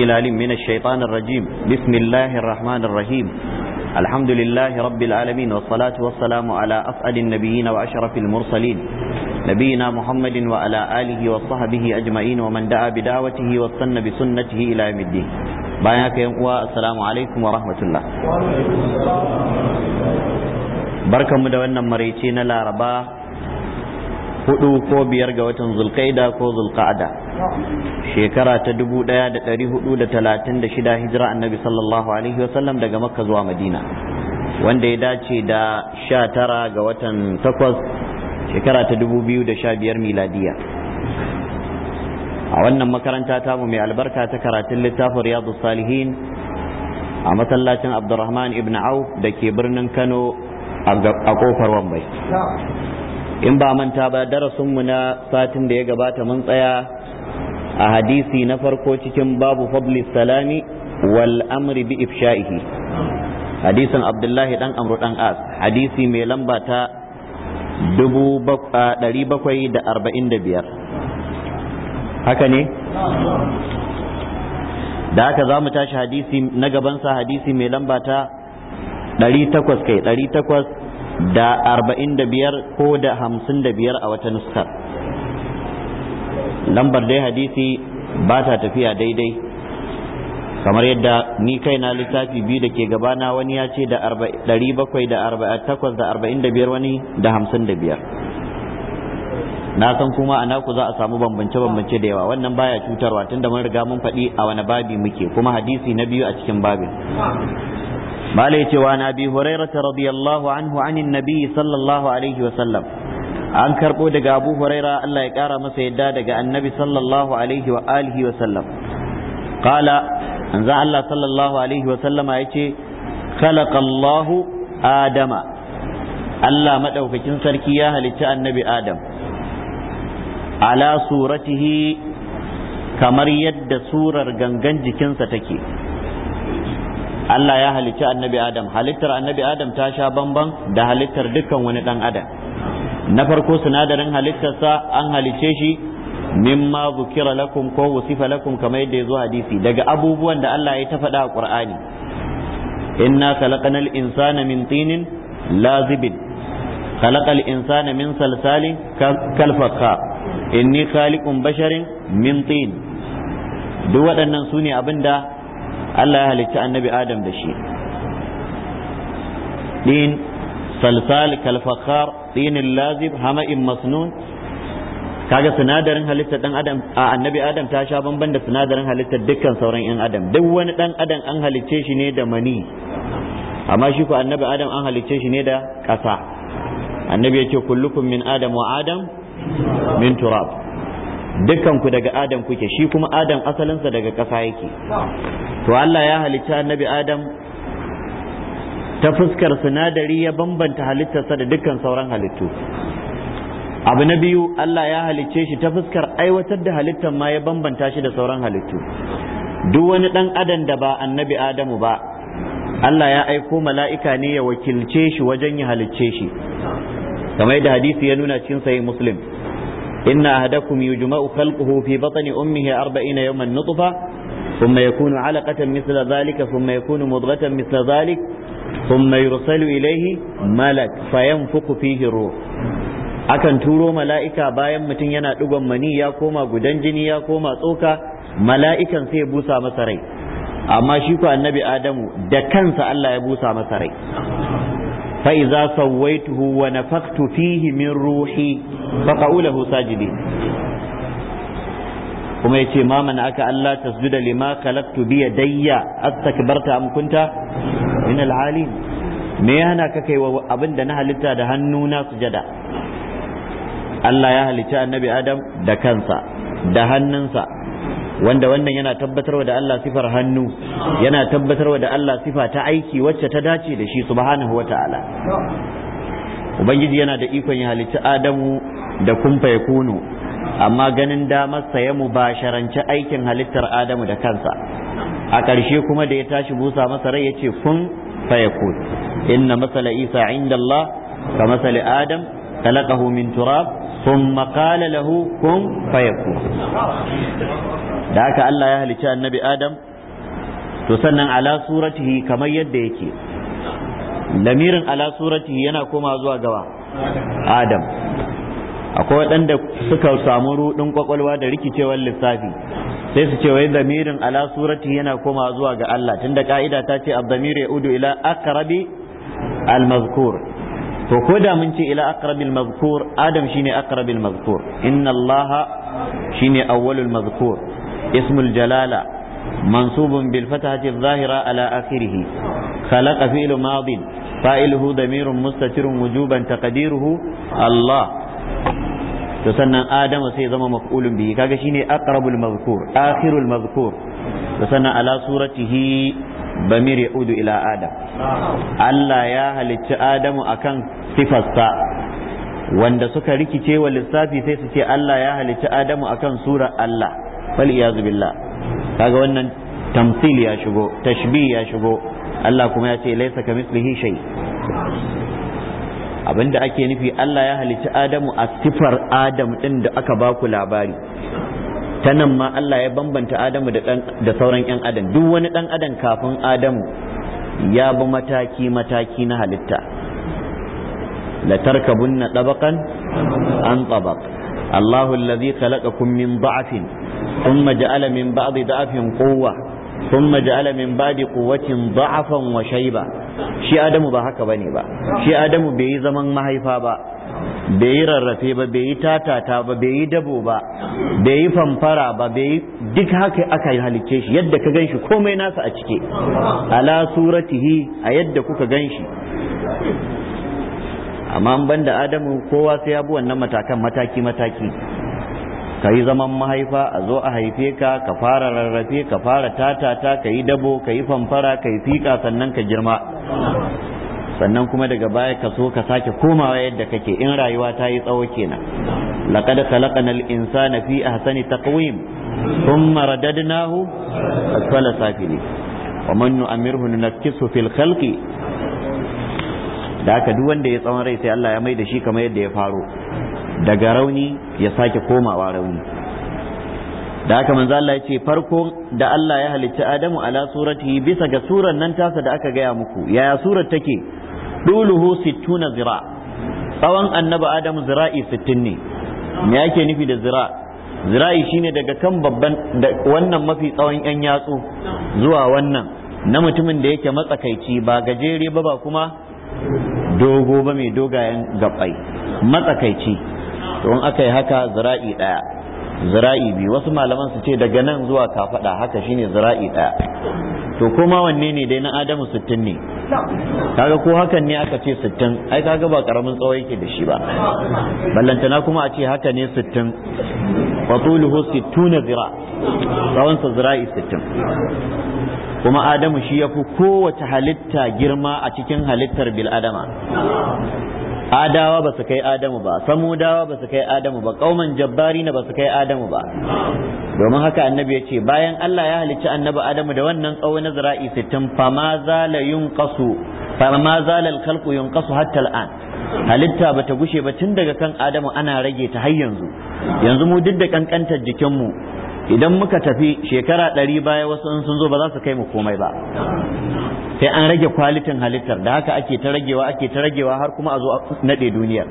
العليم من الشيطان الرجيم بسم الله الرحمن الرحيم الحمد لله رب العالمين والصلاة والسلام على أسعد النبيين وأشرف المرسلين نبينا محمد وعلى آله وصحبه أجمعين ومن دعا بدعوته واستنى بسنته إلى يوم الدين بياك والسلام عليكم ورحمة الله بركة مدونا مريتين لا رباه hudu ko biyar ga watan zulkaida ko zulqa'ada shekara ta dubu daya da dari hudu da talatin da shida hijira annabi sallallahu alaihi wasallam daga makka zuwa madina wanda ya dace da sha tara ga watan takwas shekara ta dubu biyu da sha biyar miladiya a wannan makaranta tamu mai albarka ta karatun littafin riyadu salihin a masallacin abdurrahman ibn auf da ke birnin kano a kofar wambai in ba manta ba darasinmu na satin da ya gabata mun tsaya a hadisi na farko cikin babu fadli salami wal amri bi ifsha'ihi hadisin abdullahi dan amru dan as hadisi mai lamba ta 745 haka ne da haka za mu tashi hadisi na gabansa hadisi mai lamba ta 800 kai da arba'in da biyar ko da hamsin da biyar a wata nuskar lambar dai hadisi ba ta tafiya daidai kamar yadda ni kai na littafi biyu da ke gabana wani ya ce da ɗari bakwai da takwas da arba'in da biyar wani da hamsin da biyar na san kuma a naku za a samu bambance-bambance da yawa wannan baya cutarwa tunda mun riga mun faɗi a wani babi muke kuma hadisi na biyu a cikin babin ما ليت وعن أبي هريرة رضي الله عنه عن النبي صلى الله عليه وسلم an karɓo daga abu huraira Allah ya kara masa yadda daga annabi sallallahu alaihi wa sallam qala anza Allah sallallahu alaihi wa sallama yace khalaqallahu adama Allah madaukakin sarki ya halicci annabi adam ala suratihi kamar yadda surar gangan jikinsa take Allah ya halicci annabi Adam halittar annabi Adam ta sha bamban da halittar dukkan wani dan adam na farko sinadarin halittarsa an halicce shi mimma zukira lakum ko wusifa lakum kamar yadda ya zo hadisi daga abubuwan da Allah ya ta a Qur'ani inna khalaqnal insana min tinin lazibin khalaqal insana min salsalin kalfakka inni khaliqun basharin min tin duk waɗannan su ne abin da Allah ya halitta annabi Adam da shi din salsal kalfakar dinin lazib hama'in masnun kaga sinadarin halittar dan adam a annabi adam ta sha bamban da sinadarin halittar dukkan sauran yan adam duk wani dan adam an halicce shi ne da mani amma shi ko annabi adam an halicce shi ne da ƙasa annabi ya ce kullukum min adam wa adam min turab dukanku daga adam kuke shi kuma adam asalinsa daga ƙasa yake to Allah ya halitta annabi adam ta fuskar sinadari ya bambanta halittarsa da dukkan sauran halittu abu na biyu Allah ya halicce shi ta fuskar aiwatar da halittar ma ya bambanta shi da sauran halittu duk wani dan adam da ba annabi adamu ba Allah ya aiko mala'ika ne ya wakilce shi wajen ya halicce shi kamar da hadisi ya nuna cikin sayi muslim إن أهدكم يجمع خلقه في بطن أمه أربعين يوما نطفة ثم يكون علقة مثل ذلك ثم يكون مضغة مثل ذلك ثم يرسل إليه ملك فينفق فيه الروح akan turo mala'ika bayan mutum yana ɗigon mani ya koma gudan jini ya koma tsoka mala'ikan sai ya busa masa rai amma shi annabi adamu da kansa Allah ya busa masa rai فإذا سويته ونفخت فيه من روحي فقعوا له ساجدين kuma yace ma aka Allah tasjuda lima kalaktu biya dayya astakbarta am kunta min alalim me yana ka kai wa abin da na halitta da hannuna sujada Allah ya halicci annabi Adam da kansa da hannunsa wanda wannan yana tabbatarwa da Allah sifar hannu yana tabbatarwa da Allah sifa ta aiki wacce ta dace da shi subhanahu ta'ala. ubangiji yana da ikon ya halitta adamu da kumfa ya kunu amma ganin damarsa ya mubasharanci aikin halittar adamu da kansa a ƙarshe kuma da ya tashi busa masa rai ya ce kun fayakun inna masala isa inda Allah ka masala adam خلقه من تراب ثم قال له كن فيكون da الله Allah ya halicci annabi Adam to sannan ala suratihi kamar yadda yake lamirin ala yana koma zuwa gaba Adam akwai waɗanda suka samu ruɗin kwakwalwa da rikicewar lissafi sai su ce wai zamirin ala surati yana koma zuwa ga Allah tunda ka'ida ta ce abdamir ya udu ila akrabi almazkur to ko da mun ce ila aqrabil mazkur adam shine aqrabil mazkur inna allaha shine awwalul mazkur ismul jalala mansubun bil fatahati adh-dhahira ala akhirih khalaqa fi'lu madin fa'iluhu damirun mustatirun wujuban taqdiruhu allah to sannan adamu sai zama maf'ulun bihi kaga shine aqrabul mazkur akhirul mazkur to sannan ala suratihi bamir ya udu ila adam Allah ya halicci adamu akan sifarsa wanda suka rikice wa lissafi sai su ce Allah ya halicci adamu akan sura Allah wal iyazu billah kaga wannan tamthil ya shigo tashbih ya shigo Allah kuma ya ce laisa kamislihi shay abinda ake nufi Allah ya halicci Adamu a sifar Adam din da aka baku labari ta nan ma Allah ya bambanta Adamu da sauran 'yan adam duk wani ɗan adam kafin Adamu ya bi mataki-mataki na halitta la tarkabunna tabaqan an tabaq Allahu allazi khalaqakum min da'fin thumma ja'ala min ba'di da'fin quwwa thumma ja'ala min ba'di quwwatin da'fan wa shayba shi Adamu ba haka bane ba shi Adamu bai yi zaman mahaifa ba bai yi rarrafe ba bai yi tatata ba bai yi dabo ba bai yi famfara ba bai yi duk haka aka yi halicce shi yadda ka ganshi komai nasa a cike ala suratihi a yadda kuka ganshi amma an banda adamu kowa sai ya wannan matakan mataki mataki ka yi zaman mahaifa a zo a haife ka ka fara rarrafe ka fara tatata ka yi dabo ka yi famfara ka yi fika sannan ka girma sannan kuma daga baya ka so ka sake komawa yadda kake in rayuwa ta yi tsawo kenan laqad khalaqnal insana fi ahsani taqwim thumma radadnahu asfala safili wa man nu'amirhu nunakkisu fil khalqi da haka duk wanda ya tsawon rai sai Allah ya mai da shi kamar yadda ya faro daga rauni ya sake komawa rauni da haka manzo Allah yace farko da Allah ya halicci Adamu ala suratihi bisa ga surar nan tasa da aka gaya muku yaya surar take duluhu sittuna zira tsawon annabi Adamu zira'i sittin ne me yake nufi da zira zira'i shine daga kan babban wannan mafi tsawon yan yatsu zuwa wannan na mutumin da yake matsakaici ba gajere ba ba kuma dogo ba mai dogayen gabbai matsakaici to in aka yi haka zira'i daya zira'i biyu wasu malaman su ce daga nan zuwa kafada haka shine zira'i ɗaya to kuma wanne ne dai na adamu sittin ne kaga ko hakan ne aka ce sittin ai kaga ba karamin tsawo yake da shi ba ballantana kuma a ce haka ne sittin wa tuluhu sittuna zira tsawon sa zira'i sittin kuma adamu shi ya fi kowace halitta girma a cikin halittar bil adama adawa ba su kai adamu ba samudawa ba su kai adamu ba kauman jabbari na ba su kai adamu ba domin haka annabi ya ce bayan Allah ya halicci annabi adamu da wannan tsawo na zira'i sittin fama zala kasu fama zala kasu hatta al'an halitta ba ta gushe ba tun daga kan adamu ana rage ta har yanzu yanzu mu duk da kankantar jikinmu idan muka tafi shekara ɗari baya wasu sun zo ba za su kai mu komai ba sai an rage kwalitin halittar da haka ake ta ragewa ake ta ragewa har kuma a zo naɗe duniyar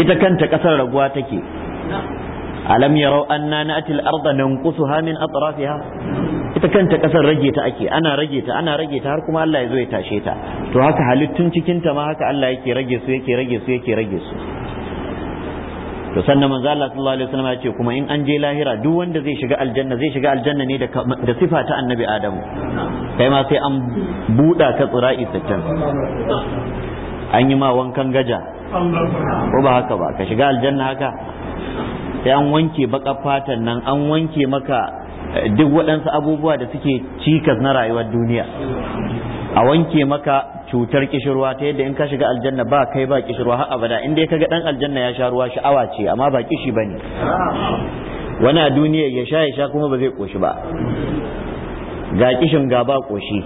ita kanta ƙasar raguwa take alam yarau anna na'ti al hamin nanqusuha min atrafiha ita kanta ƙasar rage ta ake ana rage ta ana rage ta har kuma Allah ya zo ya tashe ta to haka halittun cikin ta ma haka Allah yake rage su yake rage su yake rage su to sannan manzo Allah sallallahu alaihi wasallam ya ce kuma in an je lahira duk wanda zai shiga aljanna zai shiga aljanna ne da sifa ta annabi Adamu kai ma sai an buɗa ka tsira sittin an yi ma wankan gaja ko ba haka ba ka shiga aljanna haka sai an wanke baka fatan nan an wanke maka eh, duk waɗansu abubuwa da suke cikas na rayuwar duniya a wanke maka cutar kishirwa ta yadda in ka shiga aljanna ba kai ba kishirwa har abada in dai kaga dan aljanna ya sha ruwa sha'awa ce amma ba kishi bane wani a duniya ya sha ya sha kuma ba zai koshi ba ga kishin ga ba koshi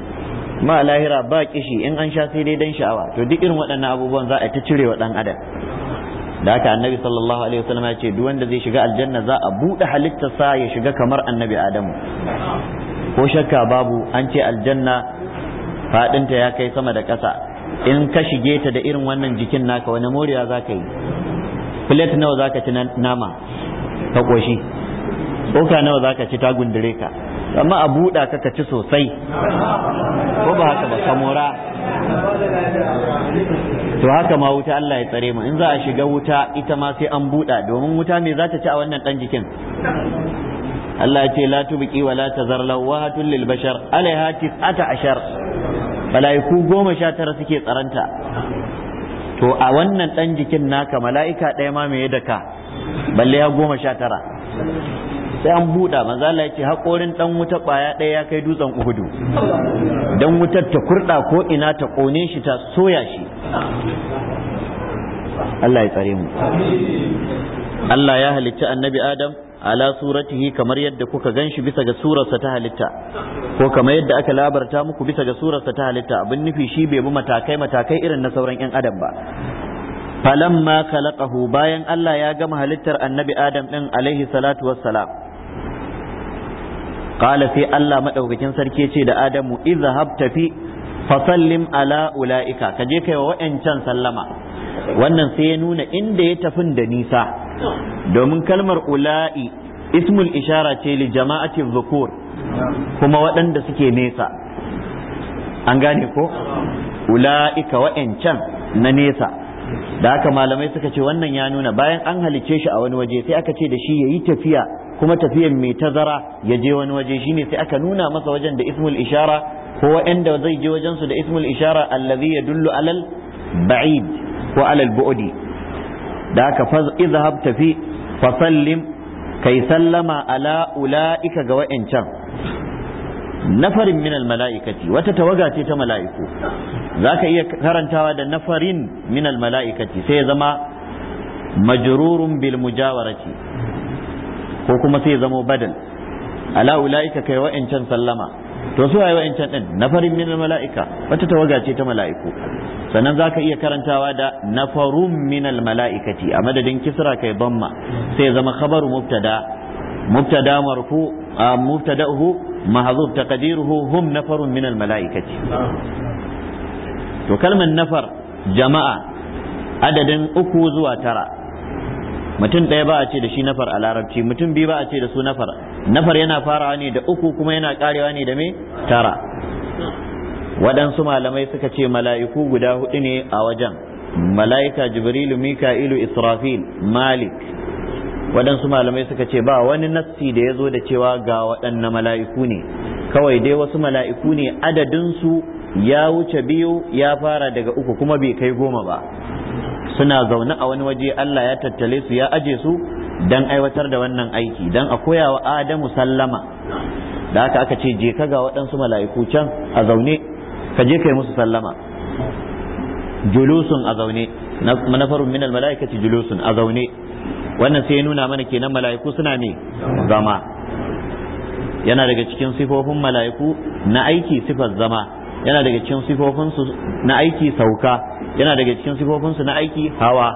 ma lahira ba kishi in an sha sai dai dan sha'awa to duk irin waɗannan abubuwan za a ta cire wa dan adam da haka annabi sallallahu alaihi wasallam ya ce duk wanda zai shiga aljanna za a buɗe sa ya shiga kamar annabi adamu ko shakka babu an ce aljanna faɗinta ya kai sama da ƙasa in ka shige ta da irin wannan jikin naka wani moriya za ka yi plate nawa za ka ci nama ta ƙoshi tsoka nawa za ka ci ta gundure ka amma a buɗa ka ci sosai ko ba haka ba samora? to haka ma wuta Allah ya tsare mu in za a shiga wuta ita ma sai an buɗa domin wuta me za ta ci a wannan ɗan jikin Allah ya ce la tubqi wa la tazar lil bashar alaiha tis'ata ashar mala'iku goma sha tara suke tsaranta to a wannan ɗan jikin naka mala'ika ɗaya ma mai da ka balle ya goma sha tara sai an buɗa maza Allah hakorin ce haƙorin ɗan wuta ƙwaya ɗaya ya kai dutsen uhudu dan wutar ta kurɗa ko ina ta ƙone shi ta soya shi Allah ya tsare mu Allah ya halicci annabi Adam ala suratihi kamar yadda kuka ganshi bisa ga surarsa ta halitta ko kamar yadda aka labarta muku bisa ga surarsa ta halitta abin nufi shi bai bi matakai matakai irin na sauran yan adam ba falamma khalaqahu bayan Allah ya gama halittar annabi Adam din alaihi salatu wassalam qala sai Allah madaukakin sarki ce da Adamu izhab tafi fasallim ala ulaika kaje kai wa wa'ancan sallama wannan sai ya nuna inda ya tafin da nisa domin kalmar ula'i ismul ishara ce li jama'atin zukur kuma waɗanda suke nesa an gane ko ula'ika wa'ancan na nesa da haka malamai suka ce wannan ya nuna bayan an halicce shi a wani waje sai aka ce da shi ya yi tafiya kuma tafiyan mai tazara ya je wani waje shine sai aka nuna masa wajen da ismul ishara ko wa'anda zai je wajensu da ismul ishara allazi dullu alal ba'id ko alal bu'di da aka fa izhab tafi fa sallim kai sallama ala ulaika ga wa'ancan nafarin minal mala'ikati wata tawaga ce ta mala'iku ka iya karantawa da nafarin minal mala'ikati sai ya zama majrurun bil mujawarati ko kuma sai ya zama badal ala ulaika kai wa'ancan sallama to su waye wa'ancan din farin min mala'ika wata tawaga ce ta mala'iku sannan zaka iya karantawa da nafarun min mala'ikati a madadin kisra kai bamma sai zama khabaru mubtada مبتدا مرفوع مبتداه hum, تقديره هم نفر mala'ikati To kalmar nafar jama'a adadin uku zuwa tara, mutum ɗaya ba a ce da shi nafar a larabci mutum biyu ba a ce da su nafar nafar yana farawa ne da uku kuma yana karewa ne da me tara waɗansu malamai suka ce mala'iku guda hudu ne a wajen mala'ika jibrilu mika'ilu israfil malik waɗansu malamai suka ce ba wani nassi da ya zo da cewa ga waɗanne mala'iku ne kawai dai wasu mala'iku ne adadinsu ya wuce biyu ya fara daga uku kuma bai kai goma ba suna zaune a wani waje Allah ya tattale su ya aje su dan aiwatar da wannan aiki dan a koya wa Adamu sallama da haka aka ce je ka ga waɗansu mala'iku can a zaune ka je kai musu sallama julusun a zaune manafarun min almala'ikati julusun a zaune wannan sai ya nuna mana kenan mala'iku suna ne zama yana daga cikin sifofin mala'iku na aiki sifar zama yana daga cikin sifofinsu na aiki sauka yana daga cikin sifofinsu na aiki hawa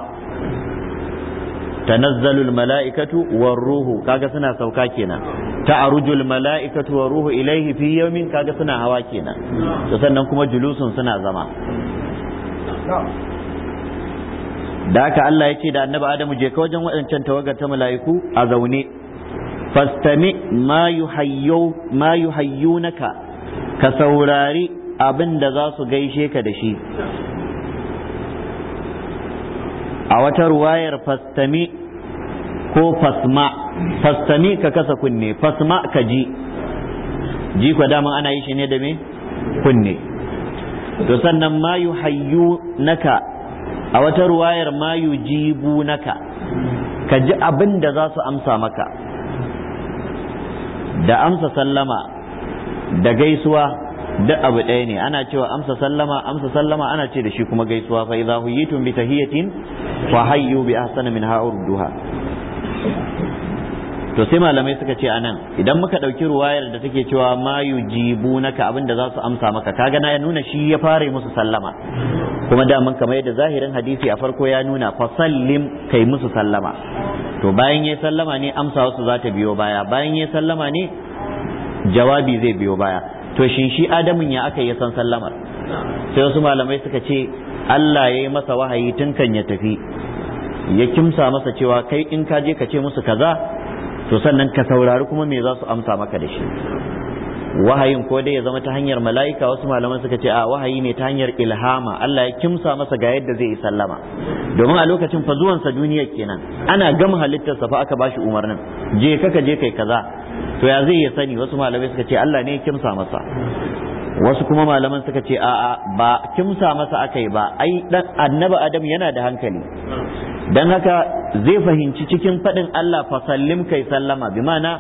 tanazzalul mala'ikatu war ruhu kaga suna sauka kenan ta'arujul mala'ikatu war ruhu ilaihi fi yawmin kaga suna hawa kenan to sannan kuma julusun suna zama da haka Allah ya ce da annabi Adamu je ka wajen wadancan tawagar ta mala'iku a zaune fastami ma yuhayyunaka ka saurari abin da za su gaishe ka da shi a wata ruwayar fastami ko fasma fastami ka kasa kunne fasma ka ji ji kwa dama ana yi shi ne da me kunne to sannan ma hayyu naka a wata ruwayar ma jibu naka ka ji abin da za su amsa maka da amsa sallama da gaisuwa duk abu ɗaya ne ana cewa amsa sallama amsa sallama ana ce da shi kuma gaisuwa fa idza huyitum bi tahiyatin fa hayyu bi ahsana min duha to sai malamai suka ce anan idan muka ɗauki ruwayar da take cewa ma naka abinda za su amsa maka kaga na ya nuna shi ya fara musu sallama kuma da mun kamar yadda zahirin hadisi a farko ya nuna fa sallim kai musu sallama to bayan yayi sallama ne amsa wasu za ta biyo baya bayan yayi sallama ne jawabi zai biyo baya to shin shi adamin ya aka yi san sallamar sai wasu malamai suka ce Allah ya yi masa wahayi tun kan ya tafi ya kimsa masa cewa kai in ka je ka ce musu kaza to sannan ka saurari kuma me za su amsa maka da shi wahayin ko dai ya zama ta hanyar mala'ika wasu malaman suka ce a wahayi ne ta hanyar ilhama Allah ya kimsa masa ga yadda zai yi sallama domin a lokacin fa zuwansa duniya kenan ana gama halittarsa fa aka bashi umarnin je ka je kai kaza to ya zai ya sani wasu malamai suka ce Allah ne ya kimsa masa wasu kuma malaman suka ce a'a ba kimsa masa akai ba ai dan annabi adam yana da hankali dan haka zai fahimci cikin fadin Allah fa sallim kai sallama bi ma'ana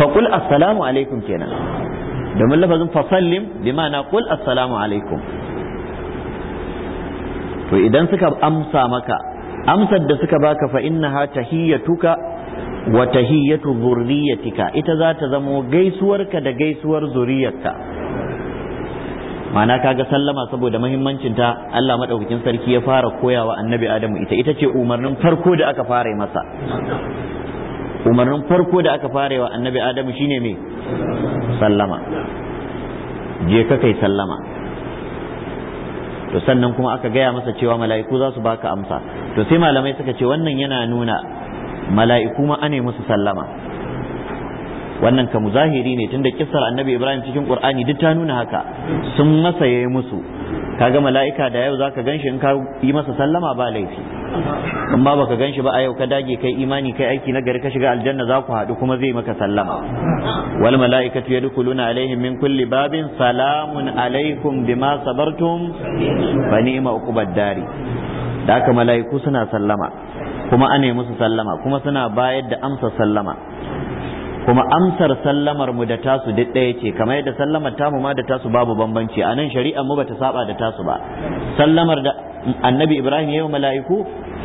fa qul assalamu alaikum kenan domin lafazin fa sallim bi ma'ana qul assalamu alaikum to idan suka amsa maka amsar da suka baka fa innaha tahiyyatuka wa tahiyyatu zurriyatika ita za ta zamo gaisuwarka da gaisuwar zuriyarka ma'ana kaga sallama saboda muhimmancin ta Allah madaukakin sarki ya fara koyawa annabi Adamu ita ita ce umarnin farko da aka fara masa umarnin farko da aka fara wa annabi Adamu shine me sallama je ka kai sallama to sannan kuma aka gaya masa cewa mala'iku za su baka amsa to sai malamai suka ce wannan yana nuna mala'iku ma ane musu sallama wannan ka muzahiri ne tunda kissar annabi ibrahim cikin qur'ani duk ta nuna haka sun masa yayi musu kaga mala'ika da yau zaka ganshi in ka yi masa sallama ba laifi in ba baka ganshi ba a yau ka dage kai imani kai aiki na gari ka shiga aljanna za ku haɗu kuma zai maka sallama wal mala'ikatu yadkhuluna alaihim min kulli babin salamun alaikum bima sabartum fa ni'ma dari da haka mala'iku suna sallama kuma nemi su sallama kuma suna bayar da amsar sallama kuma amsar sallamar mu da tasu duk ɗaya ce kamar yadda sallamar tamu ma da tasu babu bambanci a nan shari'ar mu bata saba da tasu ba sallamar da annabi ibrahim yayin mala'iku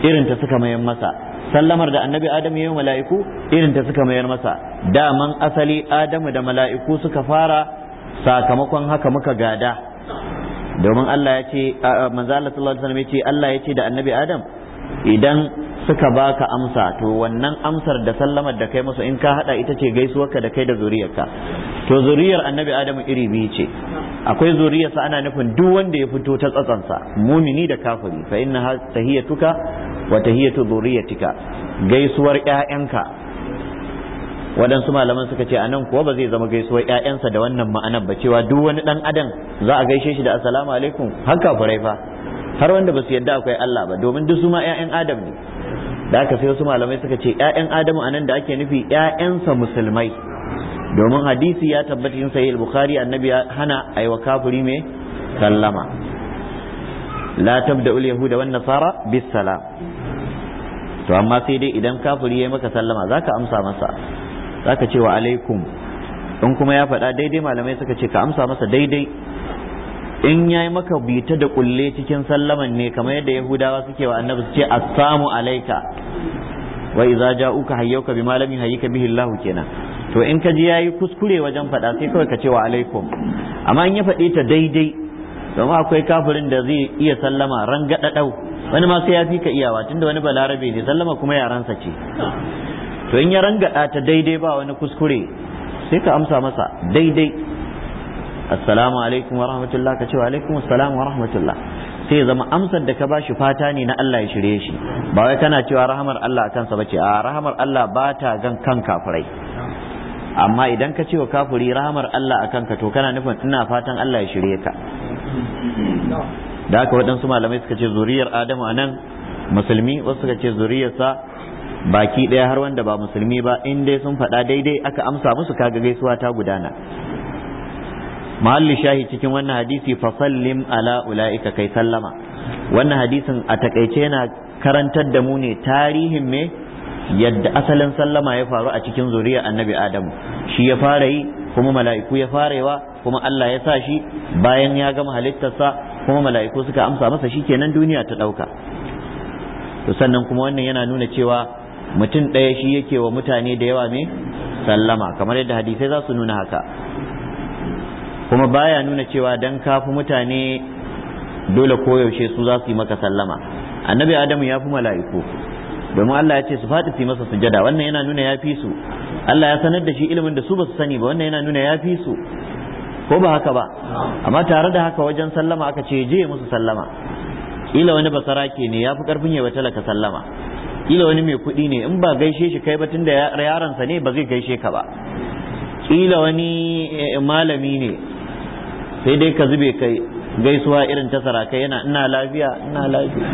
irin ta suka mayar masa sallamar da annabi adam yayin mala'iku irin ta suka mayar masa daman asali adamu da mala'iku suka fara sakamakon haka muka gada domin Allah ya ce manzo Allah sallallahu alaihi wasallam ya ce Allah ya ce da annabi adam idan suka baka amsa to wannan amsar da sallamar da kai musu in ka hada ita ce gaisuwar ka da kai da zuriyarka to zuriyar annabi adamu iri biyu ce akwai zuriyarsa ana nufin duk wanda ya fito ta tsatsansa mumini da kafiri fa inna tahiyatuka wa tahiyatu zuriyatika gaisuwar ƴaƴanka waɗansu malaman suka ce anan kuwa ba zai zama gaisuwar ƴaƴansa da wannan ma'anar ba cewa duk wani ɗan adam za a gaishe shi da assalamu alaikum har kafirai fa har wanda ba su yadda akwai Allah ba domin duk su ma ƴaƴan adam ne da aka sai wasu malamai suka ce yayan adamu a nan da ake nufi yayansa musulmai domin hadisi ya tabbata yin sahih bukhari annabi ya hana aiwa kafuri mai sallama la tabda ul yahuda wan nasara bis salam to amma sai dai idan kafiri yayi maka sallama zaka amsa masa zaka ce wa alaikum in kuma ya faɗa daidai malamai suka ce ka amsa masa daidai in yayi maka bita da kulle cikin sallaman ne kamar yadda yahudawa suke wa annabi su ce assamu alaika wa idza ja'uka hayyuka bima lam yuhayyika bihi Allah kenan to in ka ji yayi kuskure wajen faɗa sai kawai ka ce wa alaikum amma in ya faɗe ta daidai domin akwai kafirin da zai iya sallama rangadadau wani ma sai ya fi ka iyawa tunda wani balarabe ne sallama kuma yaransa ce to in ya rangada ta daidai ba wani kuskure sai ka amsa masa daidai assalamu alaikum wa rahmatullah ka ce wa alaikum assalamu wa rahmatullah sai zama amsar da ka ba shi fata ne na Allah ya shirye shi ba wai kana cewa rahamar Allah a kansa bace a rahamar Allah ba ta gan kan kafirai amma idan ka ce wa kafiri rahamar Allah a ka to kana nufin ina fatan Allah ya shirye ka da haka waɗansu malamai suka ce zuriyar Adamu anan musulmi wasu suka ce zuriyarsa baki ɗaya har wanda ba musulmi ba in dai sun faɗa daidai aka amsa musu kaga gaisuwa ta gudana mahalli shahi cikin wannan hadisi fa sallim ala ulaika kai sallama wannan hadisin a takaice yana karantar da mu ne tarihin me yadda asalin sallama ya faru a cikin zuriya annabi adamu shi ya fara yi kuma mala'iku ya farewa kuma Allah ya sa shi bayan ya gama halittarsa kuma mala'iku suka amsa masa shi kenan duniya ta ɗauka to sannan kuma wannan yana nuna cewa mutum ɗaya shi yake wa mutane da yawa ne sallama kamar yadda hadisai za su nuna haka kuma baya nuna cewa dan kafi mutane dole koyaushe su za su yi maka sallama annabi adamu ya fi mala'iku domin Allah ya ce su faɗi su masa sujada wannan yana nuna ya fi su Allah ya sanar da shi ilimin da su ba su sani ba wannan yana nuna ya fi su ko ba haka ba amma tare da haka wajen sallama aka ce je musu sallama ila wani ke ne ya fi karfin yawa talaka sallama kila wani mai kuɗi ne in ba gaishe shi kai ba tunda yaransa ne ba zai gaishe ka ba ila wani eh, malami ne sai dai ka zube kai gaisuwa irin ta sarakai yana ina lafiya ina lafiya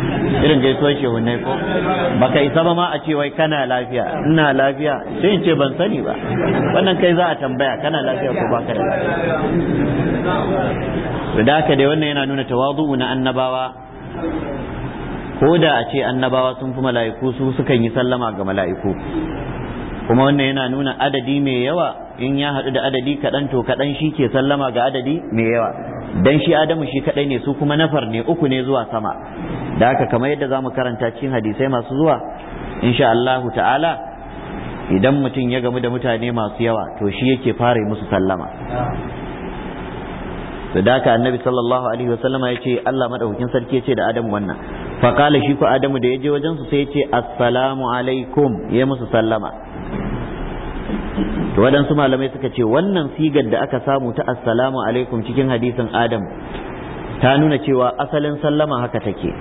irin gaisuwar shehunai ko baka isa ba ma a ce wai kana lafiya ina lafiya sai ce ban sani ba wannan kai za a tambaya kana lafiya ko baka da lafiya da haka dai wannan yana nuna tawazu na annabawa ko da a ce annabawa sun fi mala'iku su sukan yi sallama ga mala'iku kuma wannan yana nuna adadi mai yawa in ya haɗu da adadi kaɗan to kaɗan shi ke sallama ga adadi mai yawa dan shi adamu shi kaɗai ne su kuma nafar ne uku ne zuwa sama da aka kamar yadda za mu karanta cikin hadisai masu zuwa insha Allahu ta'ala idan mutum ya gamu da mutane masu yawa to shi yake fara musu sallama da haka annabi sallallahu alaihi wasallama ya ce Allah madaukakin sarki ya ce da Adamu wannan fa kala shi ko Adamu da ya je wajen su sai ya assalamu alaikum ya musu sallama to waɗansu malamai suka ce wannan sigar da aka samu ta assalamu alaikum cikin hadisin adam ta nuna cewa asalin sallama haka take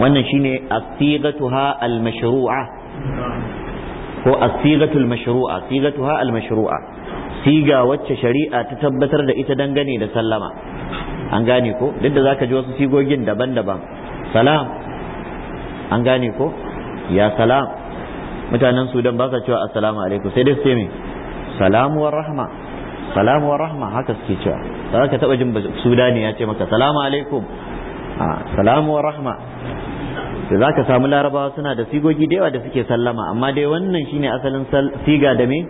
wannan shine as-sigatuha al-mashru'a ko as-sigatul mashru'a sigatuha al-mashru'a siga wacce shari'a ta tabbatar da ita dangane da sallama an gane ko duk da zaka ji wasu sigogin daban-daban salam an gane ko ya salam mutanen sudan ba sa cewa assalamu alaikum sai dai su ce me salamu wa rahma salamu wa rahma haka suke cewa za ka taba jin sudani ya ce maka salamu alaikum salamu wa rahma da za ka samu larabawa suna da sigogi da yawa da suke sallama amma dai wannan shine asalin siga da me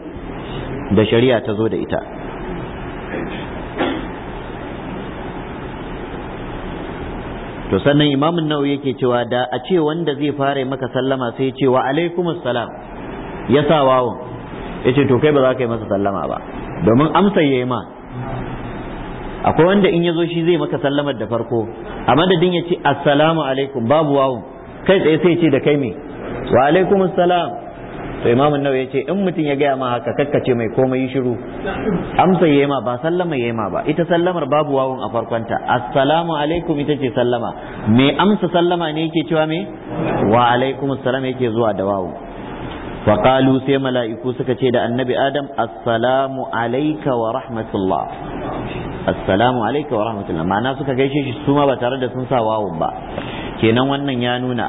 da shari'a ta zo da ita to sannan imamun nawawi yake cewa da a ce wanda zai fara maka sallama sai ce wa alaikumus salam ya sa wawon ya ce to kai ba za ka yi masa sallama ba domin amsa ya yi ma akwai wanda in ya zo shi zai maka sallamar da farko a madadin ya ce assalamu alaikum babu wawon kai tsaye sai ce da kai me wa alaikumus salam to imam an-nawawi yace in mutum ya gaya ma haka kakkace mai komai shiru amsa yema ba sallama yema ba ita sallamar babu wawun a farkonta assalamu alaikum ita ce sallama me amsa sallama ne yake cewa me wa alaikum assalam yake zuwa da wawu wa qalu sai mala'iku suka ce da annabi adam assalamu alayka wa rahmatullah assalamu alayka wa rahmatullah ma'ana suka gaishe shi su ma ba tare da sun sa wawun ba kenan wannan ya nuna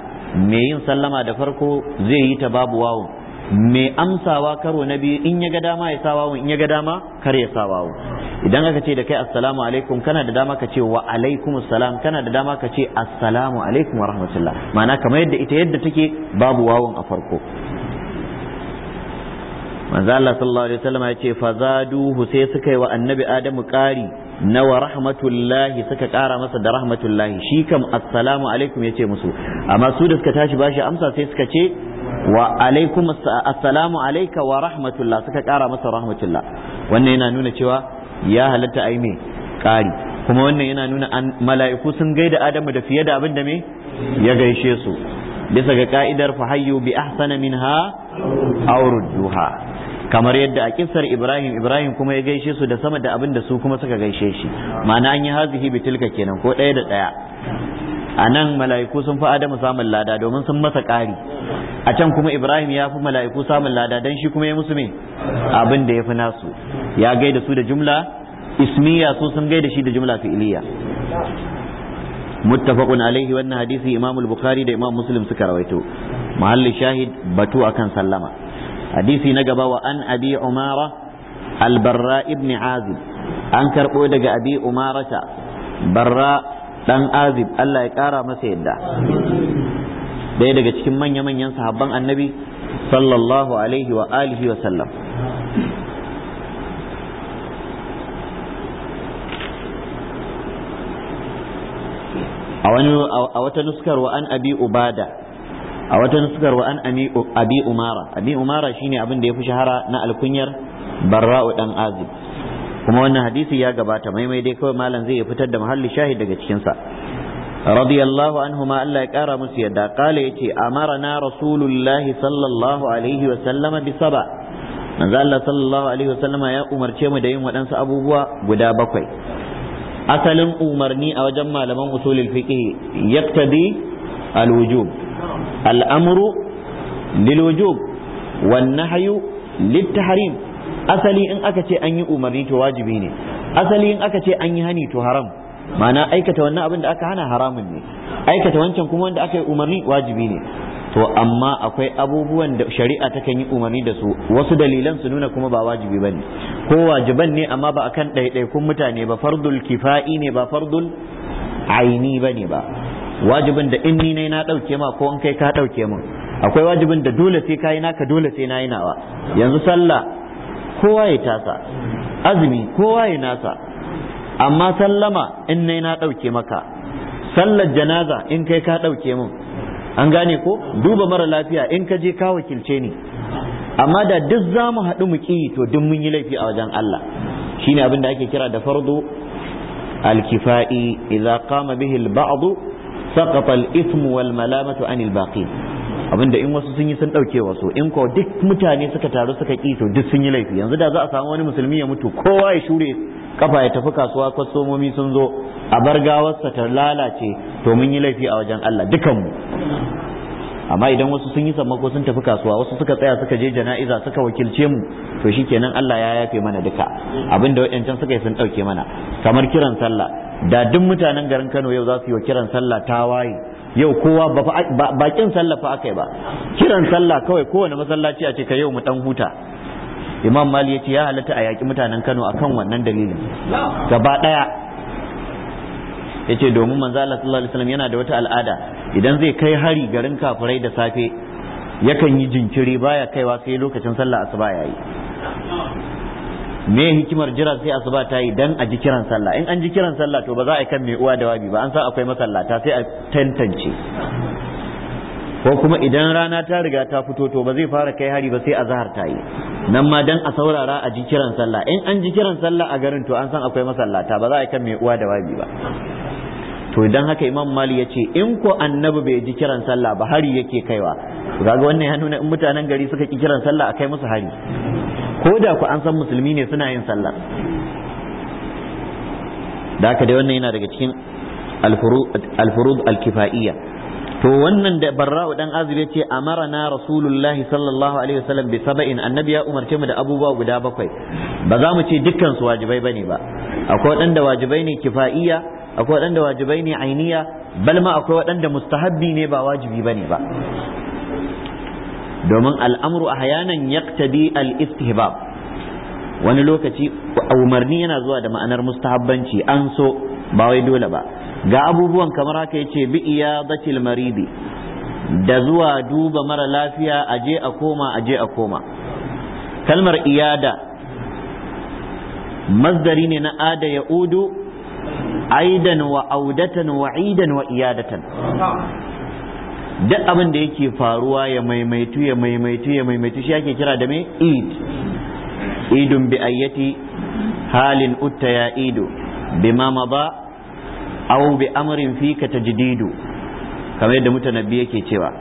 me yin sallama da farko zai yi ta babu wawun mai amsawa karo na biyu in ya ga dama ya sa wawun in ya ga dama kar ya sa wawun idan aka ce da kai assalamu alaikum kana da dama ka ce wa alaikum assalam kana da dama ka ce assalamu alaikum wa rahmatullah ma'ana kamar yadda ita yadda take babu wawon a farko manzo Allah sallallahu alaihi wasallam ya ce fazaduhu sai suka yi wa annabi adamu ƙari na wa rahmatullahi suka ƙara masa da rahmatullahi shi kam assalamu alaikum ya ce musu amma su da suka tashi bashi amsa sai suka ce wa alaikum assalamu alaika wa rahmatullah suka kara masa rahmatullah wannan yana nuna cewa ya halatta ai me kari kuma wannan yana nuna an mala'iku sun gaida adamu da fiye da abin da me ya gaishe su bisa ga ka'idar fa fahayyu bi ahsana minha aw rudduha kamar yadda a kisar Ibrahim Ibrahim kuma ya gaishe su da sama da abin da su kuma suka gaishe shi ma'ana an yi hazihi bi tilka kenan ko ɗaya da ɗaya a nan mala'iku sun fi adamu samun lada domin sun masa ƙari a can kuma ibrahim ya fi mala'iku samun lada don shi kuma ya musu me abin da ya fi nasu ya gaida su da jumla ismiya su sun gaida shi da jumla fi'iliya Muttafaƙun alaihi wannan hadisi imam al-bukhari da imam muslim suka rawaito muhalli shahid batu akan sallama hadisi na gaba wa an abi umara al-barra ibn azib an karbo daga abi ta barra dan azib Allah ya kara masa yadda daya daga cikin manya-manyan sahabban annabi sallallahu alaihi wa alihi wa sallam a wata nuskar wa an abi ubada a wata nuskar wa an abi umara abi umara shine abin da ya fi shahara na alkunyar barra'u dan azib kuma wannan hadisi ya gabata maimai dai kawai malam zai fitar da mahalli shahid daga cikinsa radiyallahu anhuma Allah ya kara musu yadda kala yace amarana rasulullahi sallallahu alaihi wa sallama bi saba manzo Allah sallallahu alaihi wa sallama ya umarce mu da yin waɗansu abubuwa guda bakwai asalin umarni a wajen malaman usulul fiqh yaktadi alwujub al'amru lilwujub wan nahyu للتحريم asali in aka ce an yi umarni to wajibi ne asali in aka ce an yi hani to haram ma'ana aikata wannan abin da aka hana haramun ne aikata wancan kuma wanda aka yi umarni wajibi ne to amma akwai abubuwan da shari'a takan yi umarni da su wasu dalilan su nuna kuma ba wajibi ba ko wajiban ne amma ba akan ɗaiɗaikun mutane ba fardul kifa'i ne ba fardul aini ba ne ba wajibin da in ni ne na ɗauke ma ko in kai ka ɗauke min akwai wajibin da dole sai kayi naka dole sai na yi nawa yanzu sallah kowa ya tasa azumi kowa ya nasa amma sallama in nai na ɗauke maka sallar janaza in kai ka ɗauke mun an gane ko duba mara lafiya in ka je ka wakilce ni amma da duk za mu haɗu mu ƙi to duk mun yi laifi a wajen Allah shine abin da ake kira da fardu alkifa'i idza qama bihi al-ba'd saqata al-ithmu wal malamatu anil baqin abinda in wasu sun yi sun ɗauke wasu in ko duk mutane suka taru suka ƙi to duk sun yi laifi yanzu da za a samu wani musulmi ya mutu kowa ya shure kafa ya tafi kasuwa kwastomomi sun zo a bar gawarsa ta lalace to mun yi laifi a wajen Allah dukanmu amma idan wasu sun yi sammako sun tafi kasuwa wasu suka tsaya suka je jana'iza suka wakilce mu to shikenan Allah ya yafe mana duka abinda waɗancan suka yi sun ɗauke mana kamar kiran sallah da duk mutanen garin Kano yau za su yi wa kiran sallah ta waye. yau kowa ba bakin sallah fa akai ba kiran sallah kawai kowane masallaci a ce ka yau mu dan huta imam mali yace ya halatta a yaki mutanen kano akan wannan dalilin gaba ɗaya ya domin manzo Allah sallallahu alaihi wasallam yana da wata al'ada idan zai kai hari garin kafirai da safe yakan yi jinkiri baya kaiwa sai lokacin sallah asuba yayi me hikimar jira sai asuba ta yi dan a ji kiran sallah in an ji kiran sallah to ba za a kan mai uwa da wabi ba an san akwai masallata sai a tantance ko kuma idan rana ta riga ta fito to ba zai fara kai hari ba sai azhar ta yi nan ma dan a saurara a ji kiran sallah in an ji kiran sallah a garin to an san akwai masallata ba za a kan mai uwa da wabi ba to idan haka imam mali ya ce in ko annabi bai ji kiran sallah ba hari yake kaiwa kaga wannan ya nuna in mutanen gari suka ki kiran sallah a kai musu hari ko da ku an san musulmi ne suna yin sallah da haka dai wannan yana daga cikin alfurud alkifa'iyya to wannan da barra'u dan azib yace na rasulullahi sallallahu alaihi wasallam bi sab'in annabi ya umarce mu da abubuwa guda bakwai ba za mu ce dukkan su wajibai bane ba akwai waɗanda wajibai ne kifa'iyya akwai wadanda wajibai ne ainiya bal ma akwai wadanda mustahabbi ne ba wajibi bane ba domin al'amru a hayanan ya al-istihbab wani lokaci umarni yana zuwa da ma'anar mustahabbanci an so ba wai dole ba ga abubuwan kamar haka ya ce bi iya iyadatil maridi da zuwa duba mara lafiya aje a koma aje a koma kalmar iyada mazdari ne na ada ya udu aidan wa audatan wa idan wa iyadatan duk abin da yake faruwa ya maimaitu ya maimaitu ya maimaitu shi ake kira da me id idun bi ayyati halin utta ya ido ma ba aw bi amrin ka tajdidu kamar yadda mutanabbi yake cewa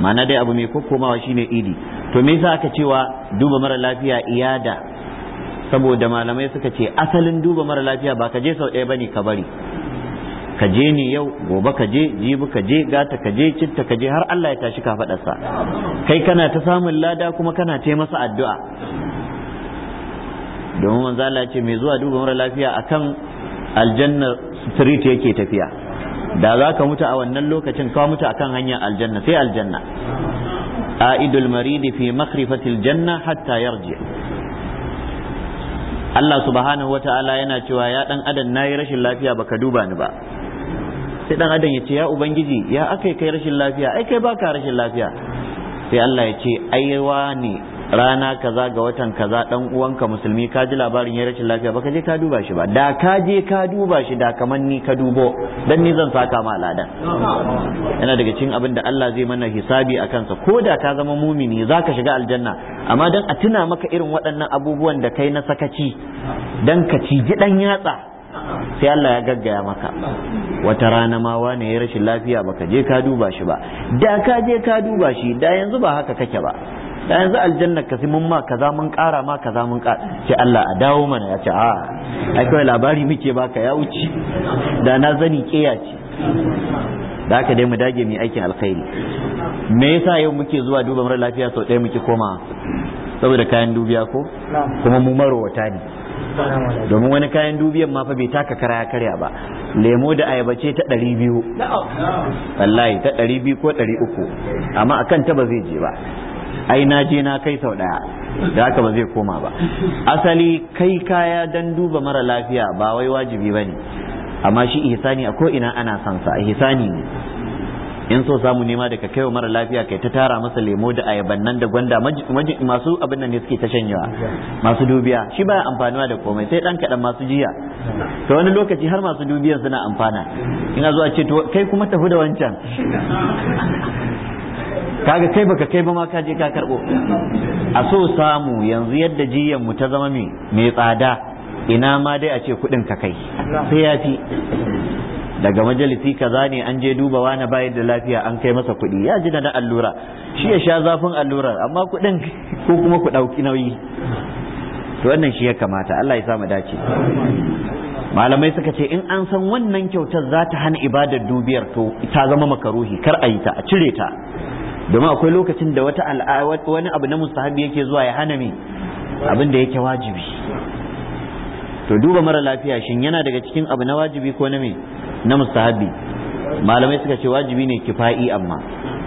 ma'ana dai abu mai kokkomawa shine idi to me yasa aka cewa duba mara lafiya iyada saboda malamai suka ce asalin duba mara lafiya ba ka je sau ɗaya bane ka bari ka je ni yau gobe ka je jibi ka je gata ka je citta ka je har Allah ya tashi ka faɗarsa kai kana ta samun lada kuma kana ta masa addu'a domin manzo Allah ce mai zuwa duba mara lafiya akan aljanna street yake tafiya da za ka mutu a wannan lokacin ka mutu akan hanyar aljanna sai aljanna a'idul maridi fi makhrifatil janna hatta yarji Allah subhanahu wa ta'ala yana cewa ya dan adam nayi rashin lafiya baka duba ni ba sai dan adam ya ce ya ubangiji ya akai kai rashin lafiya ai kai baka rashin lafiya sai Allah ya ce aiwa ne rana kaza ga watan kaza dan uwanka musulmi ka ji labarin ya rashin lafiya baka je ka duba shi ba da ka je ka duba shi da kaman ni ka dubo dan ni zan saka ma ladan yana daga cikin abin da Allah zai mana hisabi a kansa ko da ka zama mumini zaka shiga aljanna amma dan a tuna maka irin waɗannan abubuwan da kai na sakaci dan ka ciji dan yatsa sai Allah ya gaggaya maka wata rana ma wani ya rashin lafiya baka je ka duba shi ba da ka je ka duba shi da yanzu ba haka kake ba da yanzu aljanna ka mun ma kaza mun kara ma kaza mun kara ce Allah a dawo mana ya ce a ai labari muke baka ya wuce da na zani keya ce da haka dai mu dage mu aikin alkhairi me yasa yau muke zuwa duba mara lafiya sau ɗaya muke koma saboda kayan dubiya ko kuma mu marowata ne domin wani kayan dubiyan ma fa bai taka kara ya karya ba lemo da ayaba ce ta ɗari biyu wallahi ta ɗari biyu ko ɗari uku amma akan ta ba zai je ba ai na je na kai sau ɗaya da haka ba zai koma ba asali kai kaya don duba mara lafiya ba wai wajibi ba ne amma shi ihsani a ko ina ana sansa sa ihsani ne in so samu nema daga kai mara lafiya kai ta tara masa lemo da ayaban nan da gwanda masu abin nan ne suke ta shanyewa masu dubiya shi baya amfanuwa da komai sai dan kaɗan masu jiya to wani lokaci har masu dubiyan suna amfana ina zuwa ce to kai kuma tafi da wancan kaga kai baka kai ba ma ka je ka karbo a so samu yanzu yadda jiyan mu ta zama mai tsada ina ma dai a ce kuɗin ka kai sai ya fi daga majalisi kaza ne an je duba wani bayan da lafiya an kai masa kuɗi ya ji da na allura shi ya sha zafin allurar amma kuɗin ko kuma ku ɗauki nauyi to wannan shi ya kamata Allah ya samu dace malamai suka ce in an san wannan kyautar za ta hana ibadar dubiyar to ta zama makaruhi kar a yi ta a cire ta domin akwai lokacin da wata wani abu na mustahabi yake zuwa ya hana me abin da yake wajibi to duba mara lafiya shin yana daga cikin abu na wajibi ko na me na mustahabi malamai suka ce wajibi ne kifa'i amma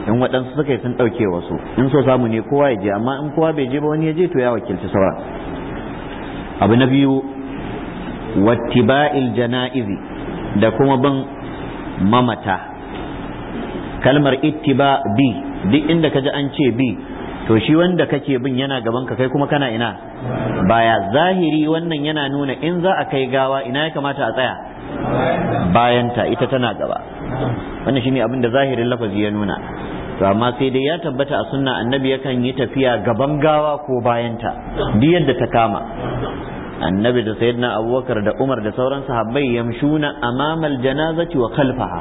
in waɗansu suka yi sun ɗauke wasu in so samu ne kowa ya je amma in kowa bai je ba wani ya je to ya wakilci sauran abu na biyu wattiba'il jana'izi da kuma bin mamata kalmar ittiba bi duk inda ka ji an ce bi to shi wanda kake bin yana gaban ka kai kuma kana ina baya zahiri wannan yana nuna in za a kai gawa ina ya kamata a tsaya bayanta ita tana gaba wannan shine abin da zahirin lafazi ya nuna to amma sai dai ya tabbata a sunna annabi yakan yi tafiya gaban gawa ko bayanta duk yadda ta kama annabi da sayyidina abubakar da umar da sauran sahabbai yamshuna amamal janazati wa khalfaha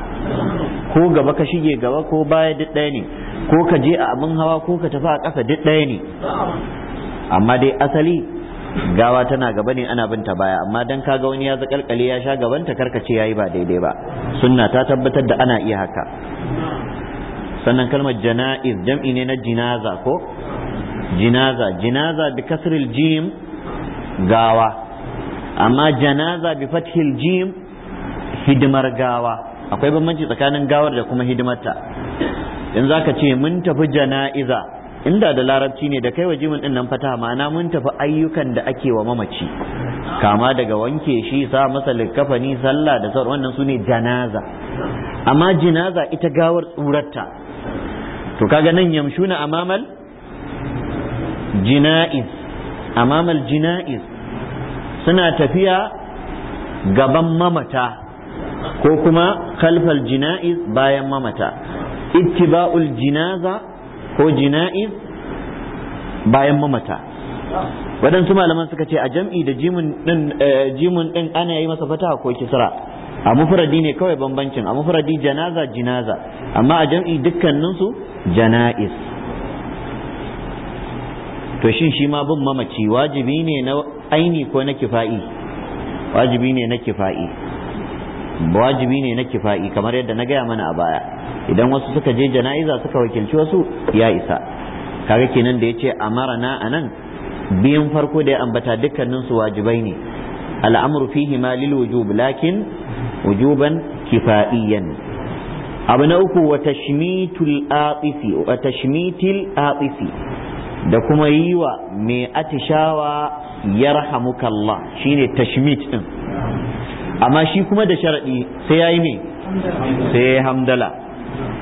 ko gaba ka shige gaba ko baya duk ɗaya ne ko ka je a abin hawa ko ka tafi a ƙasa duk ɗaya ne amma dai asali gawa tana gaba ne ana binta baya amma dan kaga wani ya zakalkale ya sha gaban ta karka ce yayi ba daidai ba sunna ta tabbatar da ana iya haka sannan kalmar jana'iz jam'i ne na jinaza ko jinaza jinaza bi kasril jim gawa amma janaza bi fathil jim hidimar gawa akwai bambanci tsakanin gawar da kuma hidimarta in zaka ce mun tafi jana'iza inda da larabci ne da kai wa jimin din nan fata ma'ana mun tafi ayyukan da ake wa mamaci kama daga wanke shi sa masa likafani sallah da sauran wannan ne janaza amma jinaza ita gawar tsurarta to kaga nan yamshuna amamal jina'iz amamal jina'iz suna tafiya gaban mamata ko kuma kalfal jina'iz bayan mamata ittiba'ul jinaza ko jina'iz bayan mamata waɗansu malaman suka ce a jam'i da jimun eh, ɗin ana yi masa fata ko kisra a mufradi ne kawai bambancin a mufradi janaza jinaza amma a jam'i dukkaninsu jana'iz to shin shi ma bin mamaci wajibi ne na aini ko na kifa'i wajibi ne na kifa'i wajibi ne na kifa'i kamar yadda na gaya mana a baya idan wasu suka je jana'iza suka wakilci wasu ya isa kaga kenan da yace amara na anan biyan farko da ya ambata dukkanin su wajibai ne al'amru fihi ma lil wujub lakin wujuban kifa'iyan abu na uku wa tashmitul aqifi wa tashmitil aqifi da kuma yi wa mai atishawa ya shi ne tashmit ɗin amma shi kuma da sharaɗi sai ya yi mai sai yi hamdala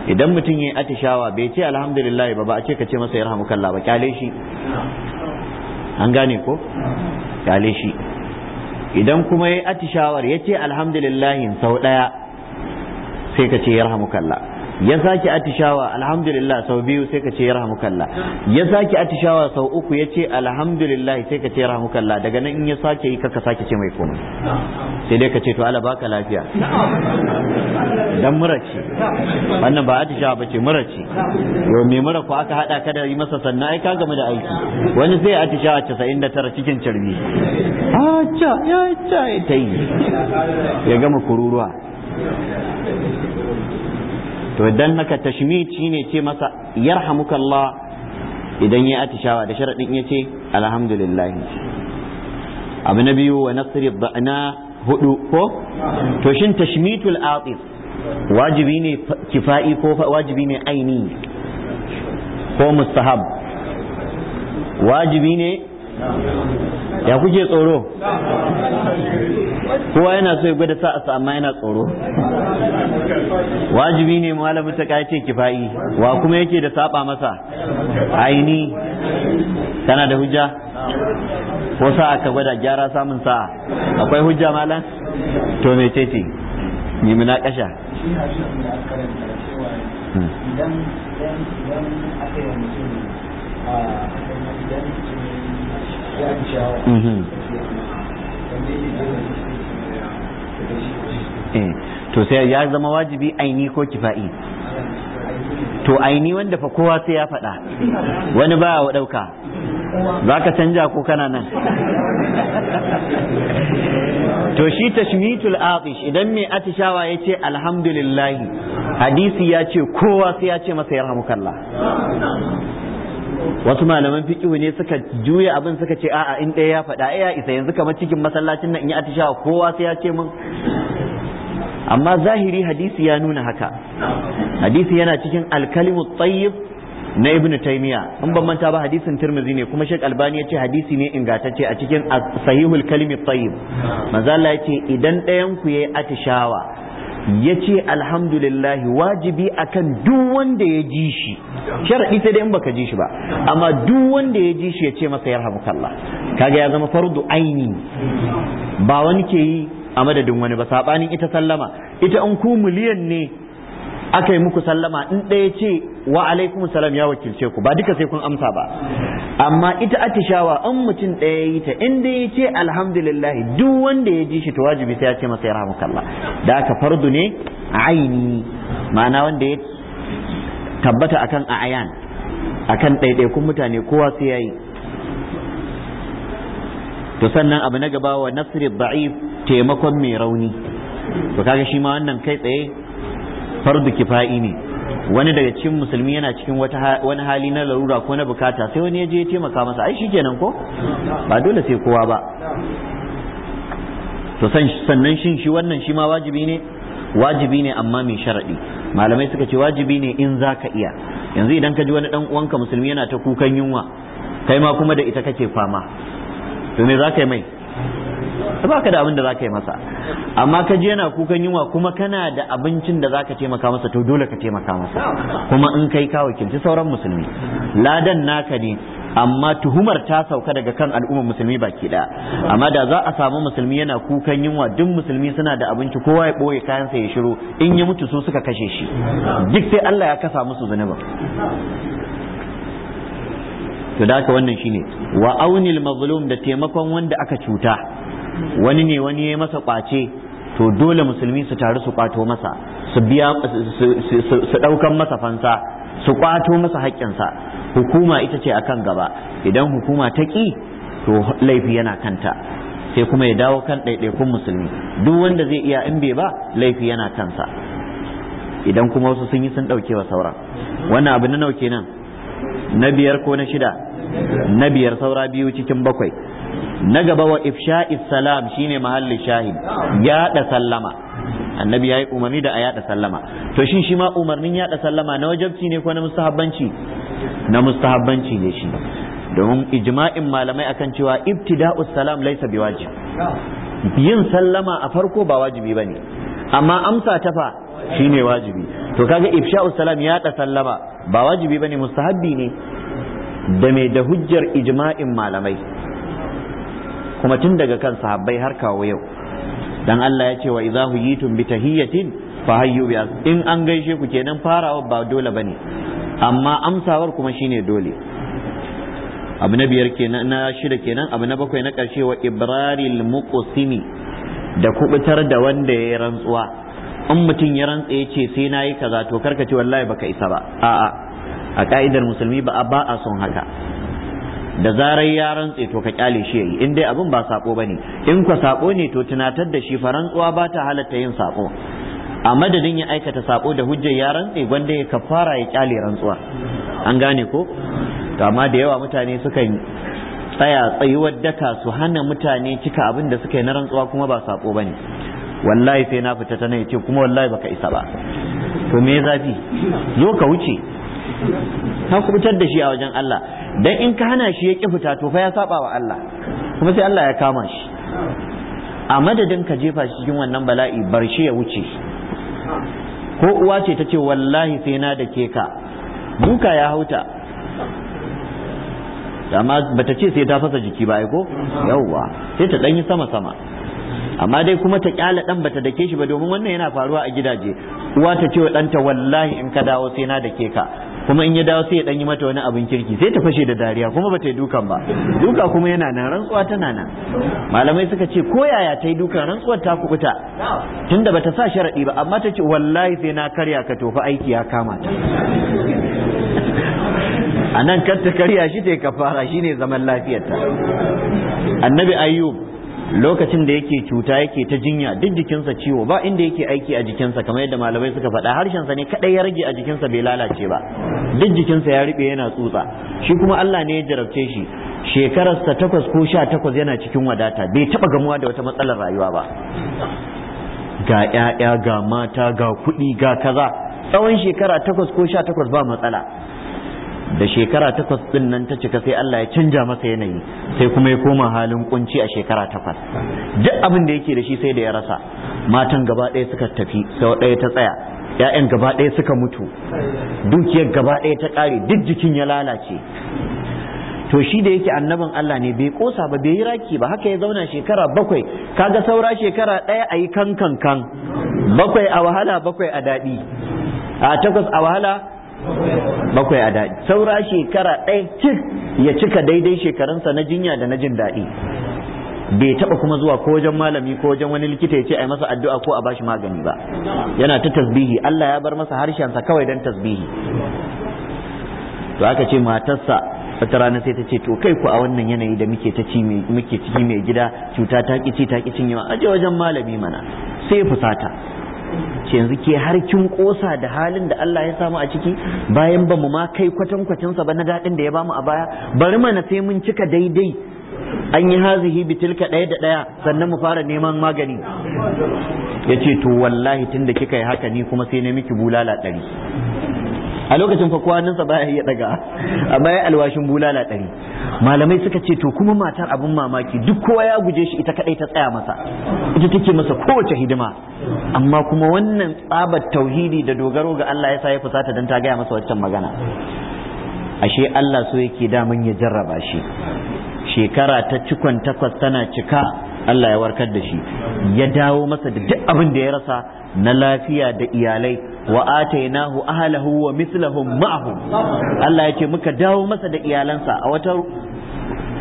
idan mutum yi atishawa bai ce alhamdulillah ba ba a ce ka ce masa ya yarhamukallah ba kyale shi an gane ko kyale shi idan kuma ya yi atishawar ya ce alhamdulillah sau ɗaya sai ka ce ya yarhamukallah ya sake atishawa alhamdulillah sau biyu sai ka ce ya rahmukalla ya sake atishawa sau uku ya ce alhamdulillah sai ka ce ya rahmukalla daga nan in ya sake yi kaka sake ce mai komai sai dai ka ce to Allah baka lafiya dan mura ce wannan ba atishawa ba ce mura ce yau mai mura ko aka hada ka da yi masa sannan ai ka gama da aiki wani sai atishawa 99 cikin cirmi acha ya ta yi ya gama kururuwa to dan haka tashmid shine ce masa yarhamukallah idan ya atishawa da sharaɗin ya ce alhamdulillah abu na biyu wa nasri na hudu ko to shin tashmitul atif wajibi ne kifa'i ko wajibi ne aini ko mustahab wajibi ne ya kuke tsoro kowa yana so ya gwada sa'a amma yana tsoro wajibi ne malamin ta kace kifa'i wa kuma yake da saba masa aini kana da hujja ko sa'a ka gwada gyara samun sa'a akwai hujja malam to me ceci ni muna kasha hmm. idan idan Mhm. Eh, to sai ya zama wajibi aini ko kifa'i to aini wanda fa kowa sai ya faɗa wani ba wa ɗauka za ka canja ko kana nan to shi tashmitul aqish idan mai atishawa ya ce alhamdulillah hadisi ya ce kowa sai ya ce masa yarhamukallah wasu malaman fiqhu ne suka juya abin suka ce a'a in ɗaya ya faɗa ya isa yanzu kamar cikin masallacin nan in yi atishawa kowa sai ya ce mun amma zahiri hadisi ya nuna haka hadisi yana cikin alkalimu tsayif na ibnu taimiya in ban manta ba hadisin tirmizi ne kuma shek albani ya ce hadisi ne ingantacce a cikin sahihul kalimi tsayif. manzo Allah ya ce idan ɗayan ku yayi atishawa ya ce alhamdulillahi wajibi akan duk wanda ya ji shi sharaɗi sai dai in baka ji shi ba amma duk wanda ya ji shi ya ce masa yarhamukallah kaga ya zama fardu aini ba wani ke yi a madadin wani ba sabanin ita sallama ita an ku miliyan ne aka yi muku sallama in ɗaya ce wa alaikum salam ya wakilce ku ba duka sai kun amsa ba amma ita atishawa an mutum ɗaya ya yi ta inda ya ce alhamdulillah duk wanda ya ji shi to wajibi sai ya ce masa ya rahmukallah da aka fardu ne aini ma'ana wanda ya tabbata akan ayan akan ɗaiɗaikun mutane kowa sai ya to sannan abu na gaba wa nasri da'if taimakon mai rauni to kaga shi ma wannan kai tsaye fardu kifa'i ne wani daga cikin musulmi yana cikin wani hali na larura ko na bukata sai wani ya je ya taimaka masa ai kenan ko ba dole sai kowa ba to sannan shin shi wannan shi ma wajibi ne wajibi ne amma mai sharaɗi malamai suka ce wajibi ne in za ka iya yanzu idan ka ji wani dan uwanka musulmi yana ta kukan yunwa kai ma kuma da ita kake fama to me za ka yi mai su baka da abin da zaka yi masa amma ka je yana kukan yunwa kuma kana da abincin da zaka taimaka masa to dole ka taimaka masa kuma in kai ka wakilci sauran musulmi ladan naka ne amma tuhumar ta sauka daga kan al'ummar musulmi baki daya amma da za a samu musulmi yana kukan yunwa duk musulmi suna da abinci kowa ya boye kayan sa ya shiru in ya mutu su suka kashe shi duk sai Allah ya kasa musu zunubin to da haka wannan shine wa aunil mazlum da taimakon wanda aka cuta wani ne wani ya masa kwace to dole musulmi su taru su kwato masa su biya su daukan masa fansa su kwato masa haƙƙinsa hukuma ita ce akan gaba idan hukuma ta ƙi to laifi yana kanta sai kuma ya dawo kan ɗaiɗaikun musulmi duk wanda zai iya in bai ba laifi yana kansa idan kuma wasu sun yi sun ɗauke wa sauran wannan abu na nauke nan na biyar ko na shida na biyar saura biyu cikin bakwai na gaba wa ifsha'i salam shine mahallin shahid yaɗa sallama annabi ya yi umarni da a yaɗa sallama to shin shi ma umarnin yaɗa sallama na wajabci ne ko na mustahabbanci na mustahabbanci ne shi domin ijma'in malamai akan cewa ibtida'us salam laysa biwajib yin sallama a farko ba wajibi bane amma amsa ta fa shine wajibi to kaga ifsha'us salam yaɗa sallama ba wajibi bane mustahabbi ne da mai da hujjar ijma'in malamai kuma tun daga kan sahabbai har kawo yau dan Allah ya ce wa idza huyitum bi tahiyatin fa hayyu bi in an gaishe ku kenan farawa ba dole bane amma amsawar kuma shine dole abu na biyar kenan na shida kenan abu na bakwai na karshe wa ibraril muqsimi da kubutar da wanda ya rantsuwa in mutum ya rantsa ya ce sai nayi kaza to karka ce wallahi baka isa ba a'a a ka'idar musulmi ba a ba a son haka da zarar ya rantse to ka kyale shi yayi in dai abin ba sako bane in ka sako ne to tunatar da shi farantsuwa ba ta halatta yin sako a madadin ya aikata sako da hujjar ya rantse gwanda ya kafara ya kyale rantsuwa an gane ko to amma da yawa mutane sukan tsaya tsayuwar daka su hana mutane cika abin da suka yi na rantsuwa kuma ba sako bane wallahi sai na fita ta ne ce kuma wallahi baka isa ba to me zafi zo ka wuce ka kubutar da shi a wajen Allah dan in ka hana shi ya ki fita to fa ya saba wa Allah kuma sai Allah ya kama shi a madadin ka jefa shi cikin wannan bala'i bar shi ya wuce ko uwa ce ta ce wallahi sai na da ke ka duka ya hauta amma bata ce sai ta fasa jiki ba ko yawwa sai ta ɗan sama sama amma dai kuma ta kyala dan bata dake shi ba domin wannan yana faruwa a gidaje uwa ta ce wa ɗanta wallahi in ka dawo sai na dake ka kuma in ya dawo sai ya danyi mata wani abin kirki sai ta fashe da dariya kuma ba ta yi dukan ba duka kuma yana nan rantsuwa tana nan malamai suka ce ko yaya ta yi dukan rantsuwar ta kubuta tunda bata sa sharaɗi ba amma ta ce wallahi sai na karya ka tofa aiki ya kama ta a nan kar ta karya shi ta kafara shine zaman lafiyarta annabi ayyub lokacin da yake cuta yake ta jinya duk jikinsa ciwo ba inda yake aiki a jikinsa kamar yadda malamai suka faɗa harshensa ne kaɗai ya rage a jikinsa bai lalace ba duk jikinsa ya riɓe yana tsutsa shi kuma Allah ne ya jarabce shi shekararsa takwas ko sha takwas yana cikin wadata bai taɓa gamuwa da wata matsalar rayuwa ba ga ‘ya'ya ga mata ga kuɗi ga kaza tsawon shekara takwas ko sha takwas ba matsala da shekara takwas din nan ta cika sai Allah ya canja masa yanayi sai kuma ya koma halin kunci a shekara takwas duk abin da yake da shi sai da ya rasa matan gaba ɗaya suka tafi sau ɗaya ta tsaya ‘ya'yan gaba ɗaya suka mutu dukiyar gaba ɗaya ta ƙare duk jikin ya lalace to shi da yake annaban Allah ne bai kosa ba bai yi raki ba haka ya zauna shekara bakwai kaga saura shekara ɗaya a yi kan kan kan bakwai a wahala bakwai a daɗi a takwas a wahala bakwai a daɗi saura shekara ɗaya cik ya cika daidai shekarunsa na jinya da na jin daɗi bai taɓa kuma zuwa ko wajen malami ko wajen wani likita ya ce a masa addu'a ko a bashi magani ba yana ta tasbihi Allah ya bar masa harshensa kawai don tasbihi to aka ce matarsa wata rana sai ta ce to kai ku a wannan yanayi da muke ta muke ciki mai gida cuta ta ci ta ƙicin yawa aje wajen malami mana sai fusata ce yanzu ke har kin kosa da halin da Allah ya samu a ciki bayan ba mu ma kai kwatan ba na daɗin da ya bamu a baya bari mana sai mun cika daidai an yi hazihi bitilka ɗaya da ɗaya sannan mu fara neman magani ya ce to wallahi tun da kika yi haka ni kuma sai na miki bulala ɗari a lokacin fa kwaninsa baya iya daga A baya alwashin bulala ɗari malamai suka ce to kuma matar abin mamaki duk kowa ya guje shi ita kadai ta tsaya masa ita take masa kowace hidima amma kuma wannan tsabar tauhidi da dogaro ga Allah ya sa ya fusata dan ta gaya masa waccan magana ashe Allah so yake daman ya jarraba shi shekara ta cikon takwas tana cika Allah ya warkar da shi ya dawo masa da duk abin da ya rasa na lafiya da iyalai wa atainahu ahlahu wa mislahum ma'ahum Allah ya ce muka dawo masa da iyalansa a wata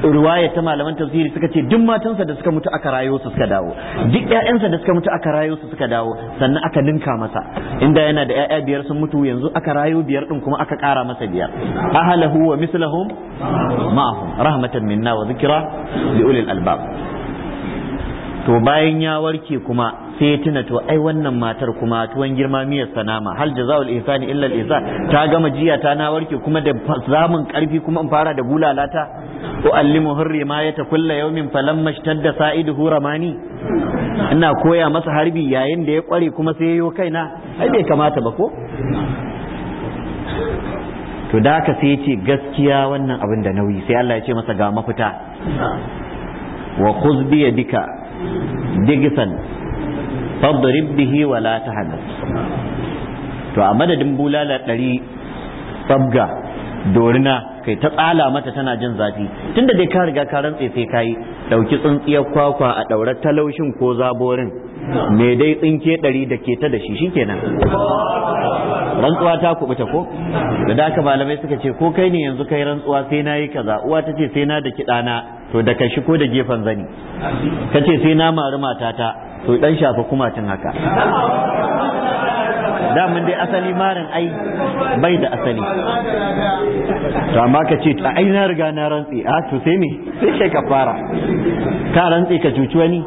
ruwaya ta malaman tafsiri suka ce duk matansa da suka mutu aka rayo su suka dawo duk ƴaƴansa da suka mutu aka rayo su suka dawo sannan aka ninka masa inda yana da ƴaƴa biyar sun mutu yanzu aka rayo biyar din kuma aka ƙara masa biyar ahlahu wa mislahum ma'ahum rahmatan minna wa zikra li ulil albab to bayan ya warke kuma sai ya tuna to ai wannan matar kuma tuwon girma miyar sanama hal jazaul ihsani illa al ihsan ta gama jiya ta na warke kuma da zamun karfi kuma in fara da bulalata allimu hurri ma yata kulla yawmin falamma da sa'iduhu ramani ina koya masa harbi yayin da ya kware kuma sai yayo kaina ai bai kamata ba ko to da ka sai ce gaskiya wannan abin da nauyi sai Allah ya ce masa ga mafita wa khuz bi yadika digisan fadrib bihi wa la tahzan to a madadin bulala ɗari sabga dorina kai ta tsala mata tana jin zafi tunda dai ka riga ka rantse sai kayi dauki tsintsiyar kwakwa a daura talaushin ko zaborin me dai tsinke ɗari da ke ta da shi shikenan rantsuwa ta kubuta ko da daka malamai suka ce ko kai ne yanzu kai rantsuwa sai na yi kaza uwa ta ce sai na da kiɗana to da shi ko da gefen zani kace ce sai na mari matata to dan shafa kumacin haka mun dai asali marin ai bai da asali to amma ka ce ai na riga na rantsi a ah, to sai me sai ka fara ka rantsi ka cuci wani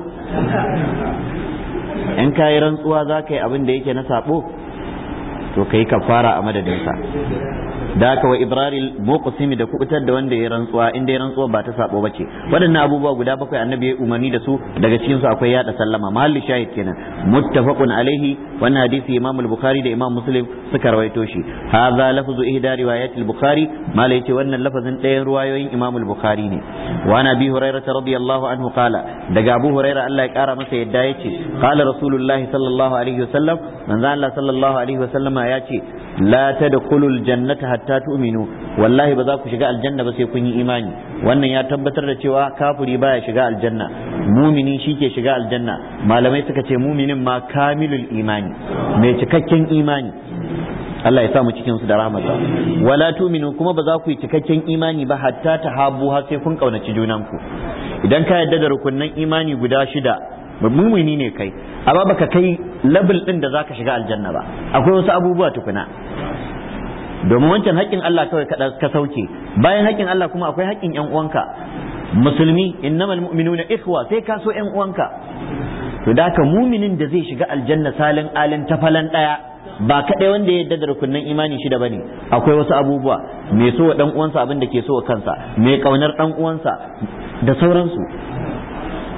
in ka yi rantsuwa za ka yi abin da yake na sabo to ka yi kafara a madadinsa da haka wa ibraril muqsimi da kubutar da wanda ya rantsuwa inda ya rantsuwa ba ta sabo bace waɗannan abubuwa guda bakwai annabi ya umarni da su daga cikin su akwai yada sallama mahallu shahid kenan muttafaqun alaihi wannan hadisi imam al-bukhari da imam muslim suka rawaito shi hadha lafzu ihda riwayat al-bukhari malai yace wannan lafazin ɗayan ruwayoyin imam al-bukhari ne wa ana bi hurairah radiyallahu anhu qala daga abu hurairah Allah ya kara masa yadda yace qala rasulullahi sallallahu alaihi wasallam manzo Allah sallallahu alaihi ya ce la tadkhulul jannata hatta tu'minu wallahi ba za ku shiga aljanna ba sai kun yi imani wannan ya tabbatar da cewa kafiri baya shiga aljanna mumini ke shiga aljanna malamai suka ce muminin ma kamilul imani mai cikakken imani Allah ya sa mu cikin su da rahmata wala tuminu kuma ba za ku yi cikakken imani ba hatta habu har sai kun kaunaci junanku idan ka yarda da rukunnan imani guda shida mumini ne kai amma baka kai level din da zaka shiga aljanna ba akwai wasu abubuwa tukuna domin wancan haƙƙin Allah kawai ka sauke bayan haƙƙin Allah kuma akwai haƙƙin ƴan uwanka musulmi innamal mu'minuna ikhwa sai ka so ƴan uwanka to da ka muminin da zai shiga aljanna salin alin tafalan ɗaya ba kadai wanda ya yarda da rukunnan imani shida bane akwai wasu abubuwa mai so wa dan uwansa abin da ke so wa kansa mai kaunar dan uwansa da sauransu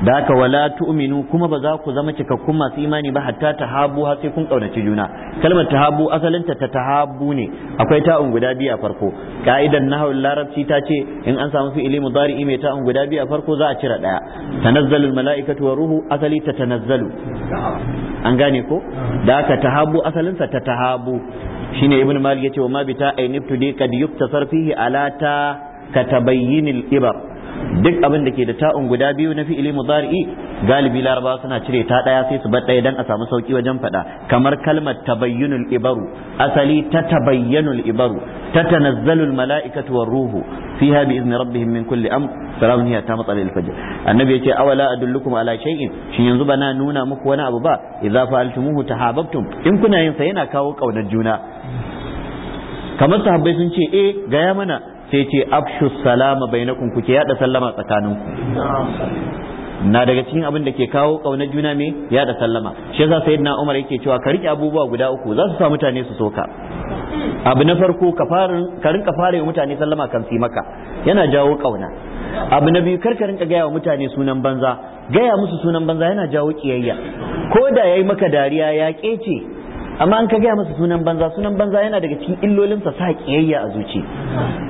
da haka wala tu'minu kuma ba za ku zama cikakkun masu imani ba hatta tahabu har sai kun kaunaci juna kalmar tahabu asalinta ta tahabu ne akwai ta'un guda biyu a farko ka'idan nahawul larabci ta ce in an samu fi'ili mudari'i mai ta'un guda biyu a farko za a cire daya tanazzalul mala'ikatu wa ruhu asali ta tanazzalu an gane ko da haka tahabu asalinsa ta tahabu shine ibnu malik yace wa ma bita ainibtu tude kad yuktasar fihi ala ta katabayyinil ibar duk abin da ke da ta'un guda biyu na fi'ili mudari'i galibi laraba suna cire ta daya sai su bar daya dan a samu sauki wajen fada kamar kalmar tabayyunul ibaru asali ta tabayyunul ibaru ta tanazzalul malaikatu war ruhu fiha bi izni rabbihim min kulli am salamun hiya ta matsala al-fajr annabi yace awala adullukum ala shay'in shin yanzu bana nuna muku wani abu ba idza fa'altumuhu tahabbtum in kuna yin sa yana kawo kaunar juna kamar sahabbai sun ce eh gaya mana sai ce afshu salama bainakum kuke yada sallama tsakaninku na daga cikin abin da ke kawo kaunar juna me yada sallama shi yasa sayyidina Umar yake cewa ka rike abubuwa guda uku za su sa mutane su soka abu na farko ka rinka fara mutane sallama kan fi maka yana jawo kauna abu na biyu karka rinka gaya wa mutane sunan banza gaya musu sunan banza yana jawo kiyayya ko da yayi maka dariya ya kece amma an ka gaya masa sunan banza sunan banza yana daga cikin illolinsa sa kiyayya a zuci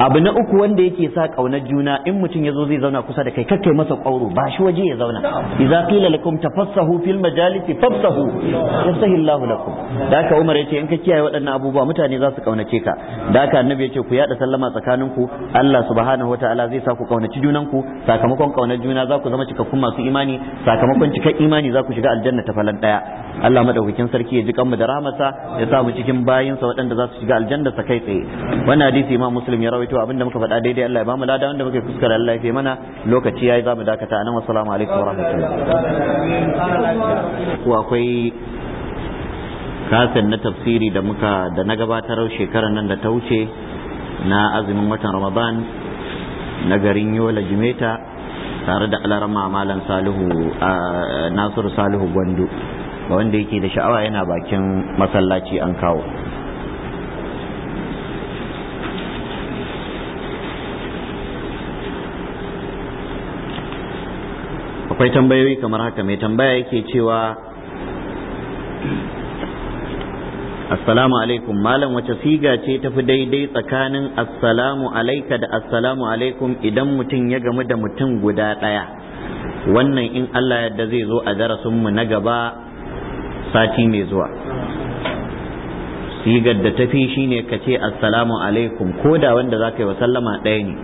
abu na uku wanda yake sa kaunar juna in mutum ya zo zai zauna kusa da kai kakkai masa kwauro ba shi waje ya zauna idza qila lakum tafassahu fil majalisi fafsahu yafsahu Allahu lakum da haka Umar yace in ka kiyaye waɗannan abubuwa mutane za su kaunace ka da haka annabi yace ku yada sallama tsakaninku Allah subhanahu wataala zai sa ku kaunaci ku sakamakon kaunar juna za ku zama cikakkun masu imani sakamakon cikakken imani za ku shiga aljanna ta falan daya Allah madaukakin sarki ya ji kanmu da rahmat nasa ya mu cikin bayinsa waɗanda za su shiga aljanna sa kai tsaye wani hadisi imam muslim ya rawaito abinda muka faɗa daidai Allah ya bamu lada wanda muke fuskar Allah ya fi mana lokaci yayi zamu dakata anan wassalamu alaikum warahmatullahi ko akwai kasan na tafsiri da muka da na gabatar shekarar nan da ta wuce na azumin watan ramadan na garin yola jimeta tare da alarama malam salihu nasiru salihu gwandu wanda yake da sha'awa yana bakin masallaci an kawo akwai tambayoyi kamar haka mai tambaya yake cewa assalamu alaikum malam wace siga ce tafi daidai tsakanin assalamu alaika da assalamu alaikum idan mutum ya gamu da mutum guda ɗaya wannan in allah yadda zai zo a darasinmu na gaba sati mai zuwa sigar da tafi shi ne ka ce assalamu alaikum ko da wanda zaka yi wa sallama ɗaya ne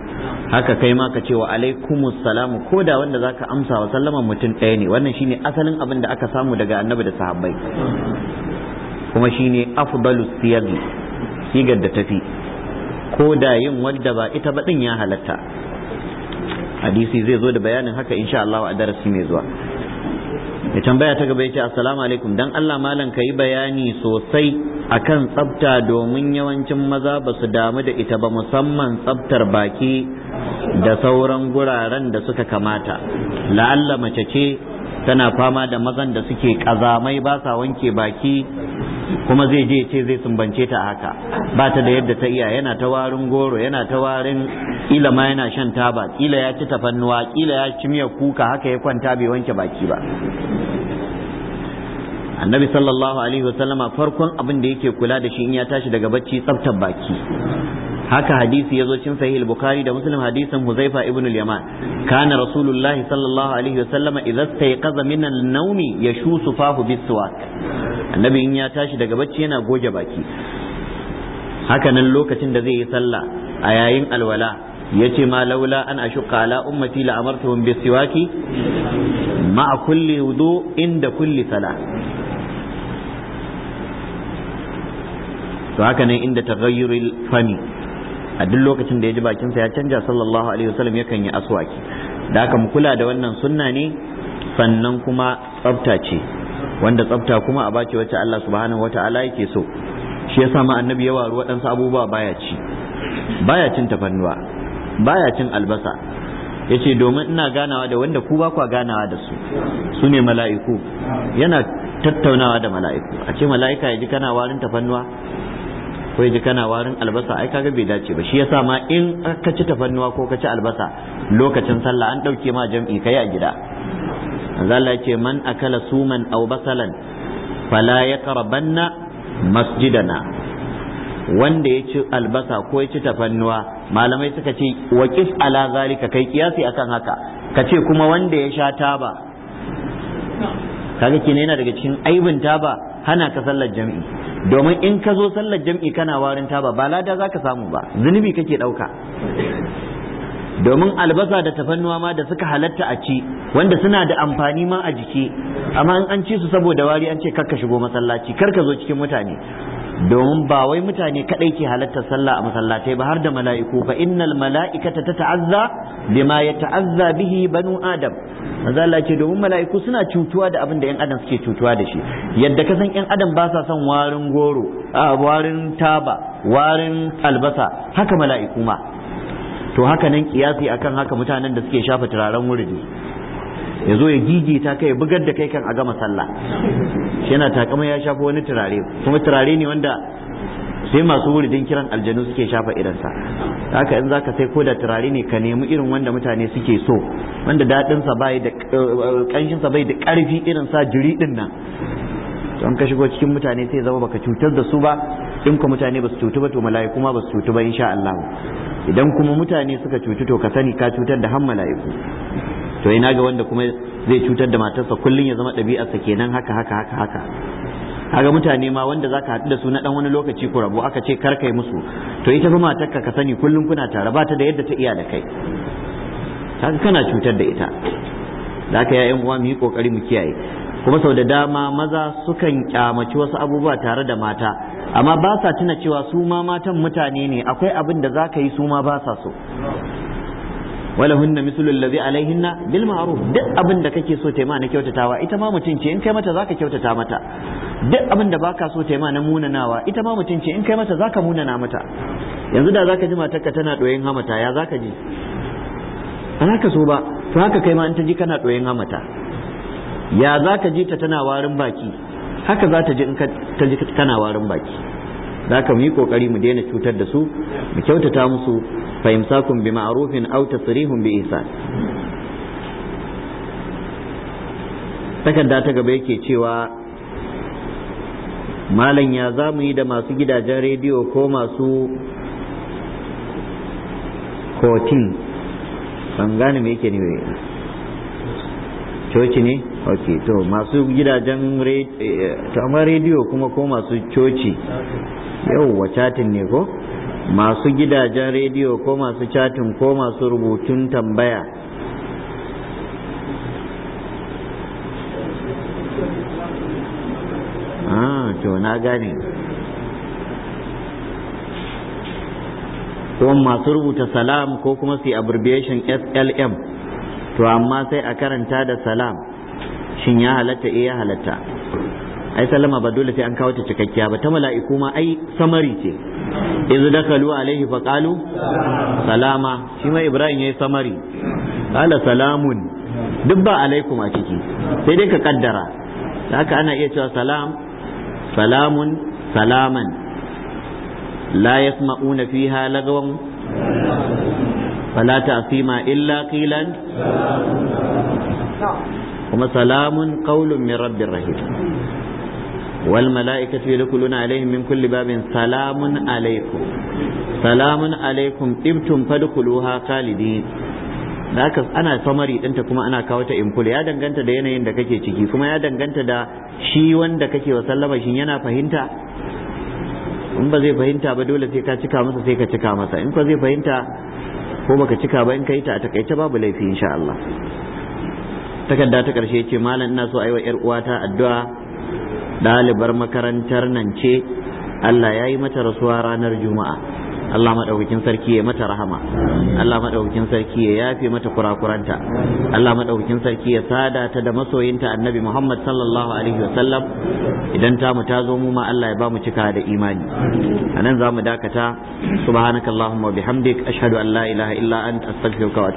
haka kai ma ka ce wa alaikumus salamu ko da wanda zaka amsa wa sallaman mutum ɗaya ne wannan shine asalin abin da aka samu daga annabi da sahabbai kuma shine afdalus siyazi sigar da tafi ko da yin wadda ba ita ba din ya halatta hadisi zai zo da bayanin haka insha Allah a darasi mai zuwa ya tambaya ta gaba ya ce assalamu alaikum dan Allah malam ka yi bayani sosai akan tsafta domin yawancin maza ba su damu da ita ba musamman tsaftar baki da sauran guraren da suka kamata la'alla mace ce tana fama da mazan da suke kazamai ba sa wanke baki kuma zai je ce zai sumbance ta haka ba ta da yadda ta iya yana ta warin goro yana ta warin kila ma yana shan taba kila ya ci tafannuwa kila ya ci miya kuka haka ya kwanta bai wanke baki ba annabi sallallahu alaihi wasallama farkon abin da yake kula da shi in ya tashi daga bacci tsaftar baki haka hadisi yazo cin sahih al-bukhari da muslim hadisin huzaifa ibn al-yaman kana rasulullahi sallallahu alaihi wasallama idza stayqaza min an-nawm yashusu fahu biswak annabi in ya tashi daga bacci yana goge baki haka nan lokacin da zai yi sallah a yayin alwala yace ma laula an ashqa ala ummati la amartuhum bisiwaki ma'a kulli wudu inda kulli salah to haka nan inda taghayyuril fami a duk lokacin da ya ji bakinsa ya canja sallallahu alaihi wasallam yakan yi aswaki da haka mu kula da wannan sunna ne sannan kuma tsafta ce wanda tsafta kuma a bace wacce Allah subhanahu wataala yake so shi yasa ma annabi ya waru waɗansu abubuwa baya ci baya cin tafannuwa baya cin albasa yace domin ina ganawa da wanda ku ba kwa ganawa da su su ne mala'iku yana tattaunawa da mala'iku a ce mala'ika ya ji kana warin tafannuwa ko yaji kana warin albasa ai kaga bai dace ba shi yasa ma in ka ci tafannuwa ko ka ci albasa lokacin sallah an dauke ma jam'i kai a gida Allah ce man akala suman aw basalan fala yaqrabanna masjidana wanda ya ci albasa ko ya ci tafannuwa malamai suka ce waqif ala zalika kai kiyasi akan haka kace kuma wanda ya sha taba kaga kine yana daga cikin aibin taba hana ka sallar jam'i domin in ka zo sallar jam'i kana warin taba ba lada za ka samu ba zunubi kake ɗauka domin albasa da tafannuwa ma da suka halatta a ci wanda suna da amfani ma a jiki amma in an ci su saboda wari an ce karka shigo masallaci karka zo cikin mutane domin ba wai mutane kadai ke halartar sallah a masallatai ba har da mala'iku fa innal mala'ikata tata'azza bima yata'azza bihi banu adam mazalla ce domin mala'iku suna cutuwa da abin da yan adam suke cutuwa da shi yadda ka san yan adam ba sa son warin goro a warin taba warin albasa haka mala'iku ma to haka nan kiyasi akan haka mutanen da suke shafa turaren wuridi ya zo ya ta kai bugar da kai kan a gama sallah shi yana takama ya shafa wani turare kuma turare ne wanda sai masu wuridin kiran aljanu suke shafa irinsa haka in zaka sai ko da turare ne ka nemi irin wanda mutane suke so wanda daɗinsa bai da eh, ƙanshinsa bai da ƙarfi irin sa jiri ɗin nan don ka shigo cikin mutane sai zama baka cutar da su ba in ka mutane ba su cutu ba to mala'iku ma ba su cutu ba insha Allah idan kuma mutane suka cutu to ka sani ka cutar da han mala'iku to ina ga wanda kuma zai cutar da matarsa kullum ya zama ɗabi'arsa kenan haka haka haka haka kaga mutane ma wanda zaka haɗu da su na ɗan wani lokaci ku rabu aka ce kar kai musu to ita fa matarka ka sani kullum kuna tare ba ta da yadda ta iya da kai kaga kana cutar da ita da aka ya uwa mu yi kokari mu kiyaye kuma sau da dama maza sukan kyamaci wasu abubuwa tare da mata amma ba sa tuna cewa su ma matan mutane ne akwai abin da za ka yi su ma ba sa so wala hunna mislu allazi alaihinna bil ma'ruf duk abin da kake so taima na kyautatawa ita ma mutum ce in kai mata zaka kyautata mata duk abin da baka so taima na munanawa ita ma mutum ce in kai mata zaka munana mata yanzu da zaka ji matarka tana doyin hamata ya zaka ji ba ka so ba to haka kai ma in ta ji kana doyin hamata ya zaka ji ta tana warin baki haka za ta ji in ta ji kana warin baki za ka mu yi kokari mu daina cutar da su mu kyautata musu fa imsakun bi ma'rufin aw tasrihun bi ihsan takarda ta gaba yake cewa malam ya za mu yi da masu gidajen rediyo ko masu kotin ban gane me yake ne coci ne ok to masu gidajen amma rediyo kuma ko masu coci yau wa wacatin ne ko masu gidajen rediyo ko masu chatin ko masu rubutun tambaya ah, to na gane ko masu rubuta salam ko kuma su abbreviation slm to amma sai a karanta da salam shin ya halatta eh ya halatta ai sallama ba dole sai an kawo ta cikakkiya ba ta mala'iku ma ai samari ce idza dakalu alaihi fa qalu salama shi ma ibrahim yayi samari qala salamun duk ba alaikum a ciki sai dai ka kaddara haka ana iya cewa salam salamun salaman la yasma'una fiha lagwan fala ta'sima illa qilan kuma salamun qaulun min rabbir rahim wal mala'ikatu yadkhuluna alaihim min kulli babin salamun alaikum salamun alaikum tibtum fadkhuluha khalidin da ana samari danta kuma ana kawo ta impul ya danganta da yanayin da kake ciki kuma ya danganta da shi wanda kake wa sallama shin yana fahimta in ba zai fahimta ba dole sai ka cika masa sai ka cika masa in ko zai fahimta ko baka cika ba in kai ta a takaice babu laifi insha Allah takarda ta karshe ce malam ina so a yi wa yar uwata addu'a ɗalibar makarantar nan ce Allah ya yi mata rasuwa ranar juma'a Allah maɗaukakin sarki ya mata rahama Allah maɗaukakin sarki ya yafe mata kurakuranta Allah maɗaukakin sarki ya sada ta da masoyinta annabi Muhammad sallallahu alaihi wasallam idan mu ta zo mu ma Allah ya ba mu cika da imani anan za mu dakata subhanakallahumma bihamdik ashhadu an la ilaha illa anta astaghfiruka wa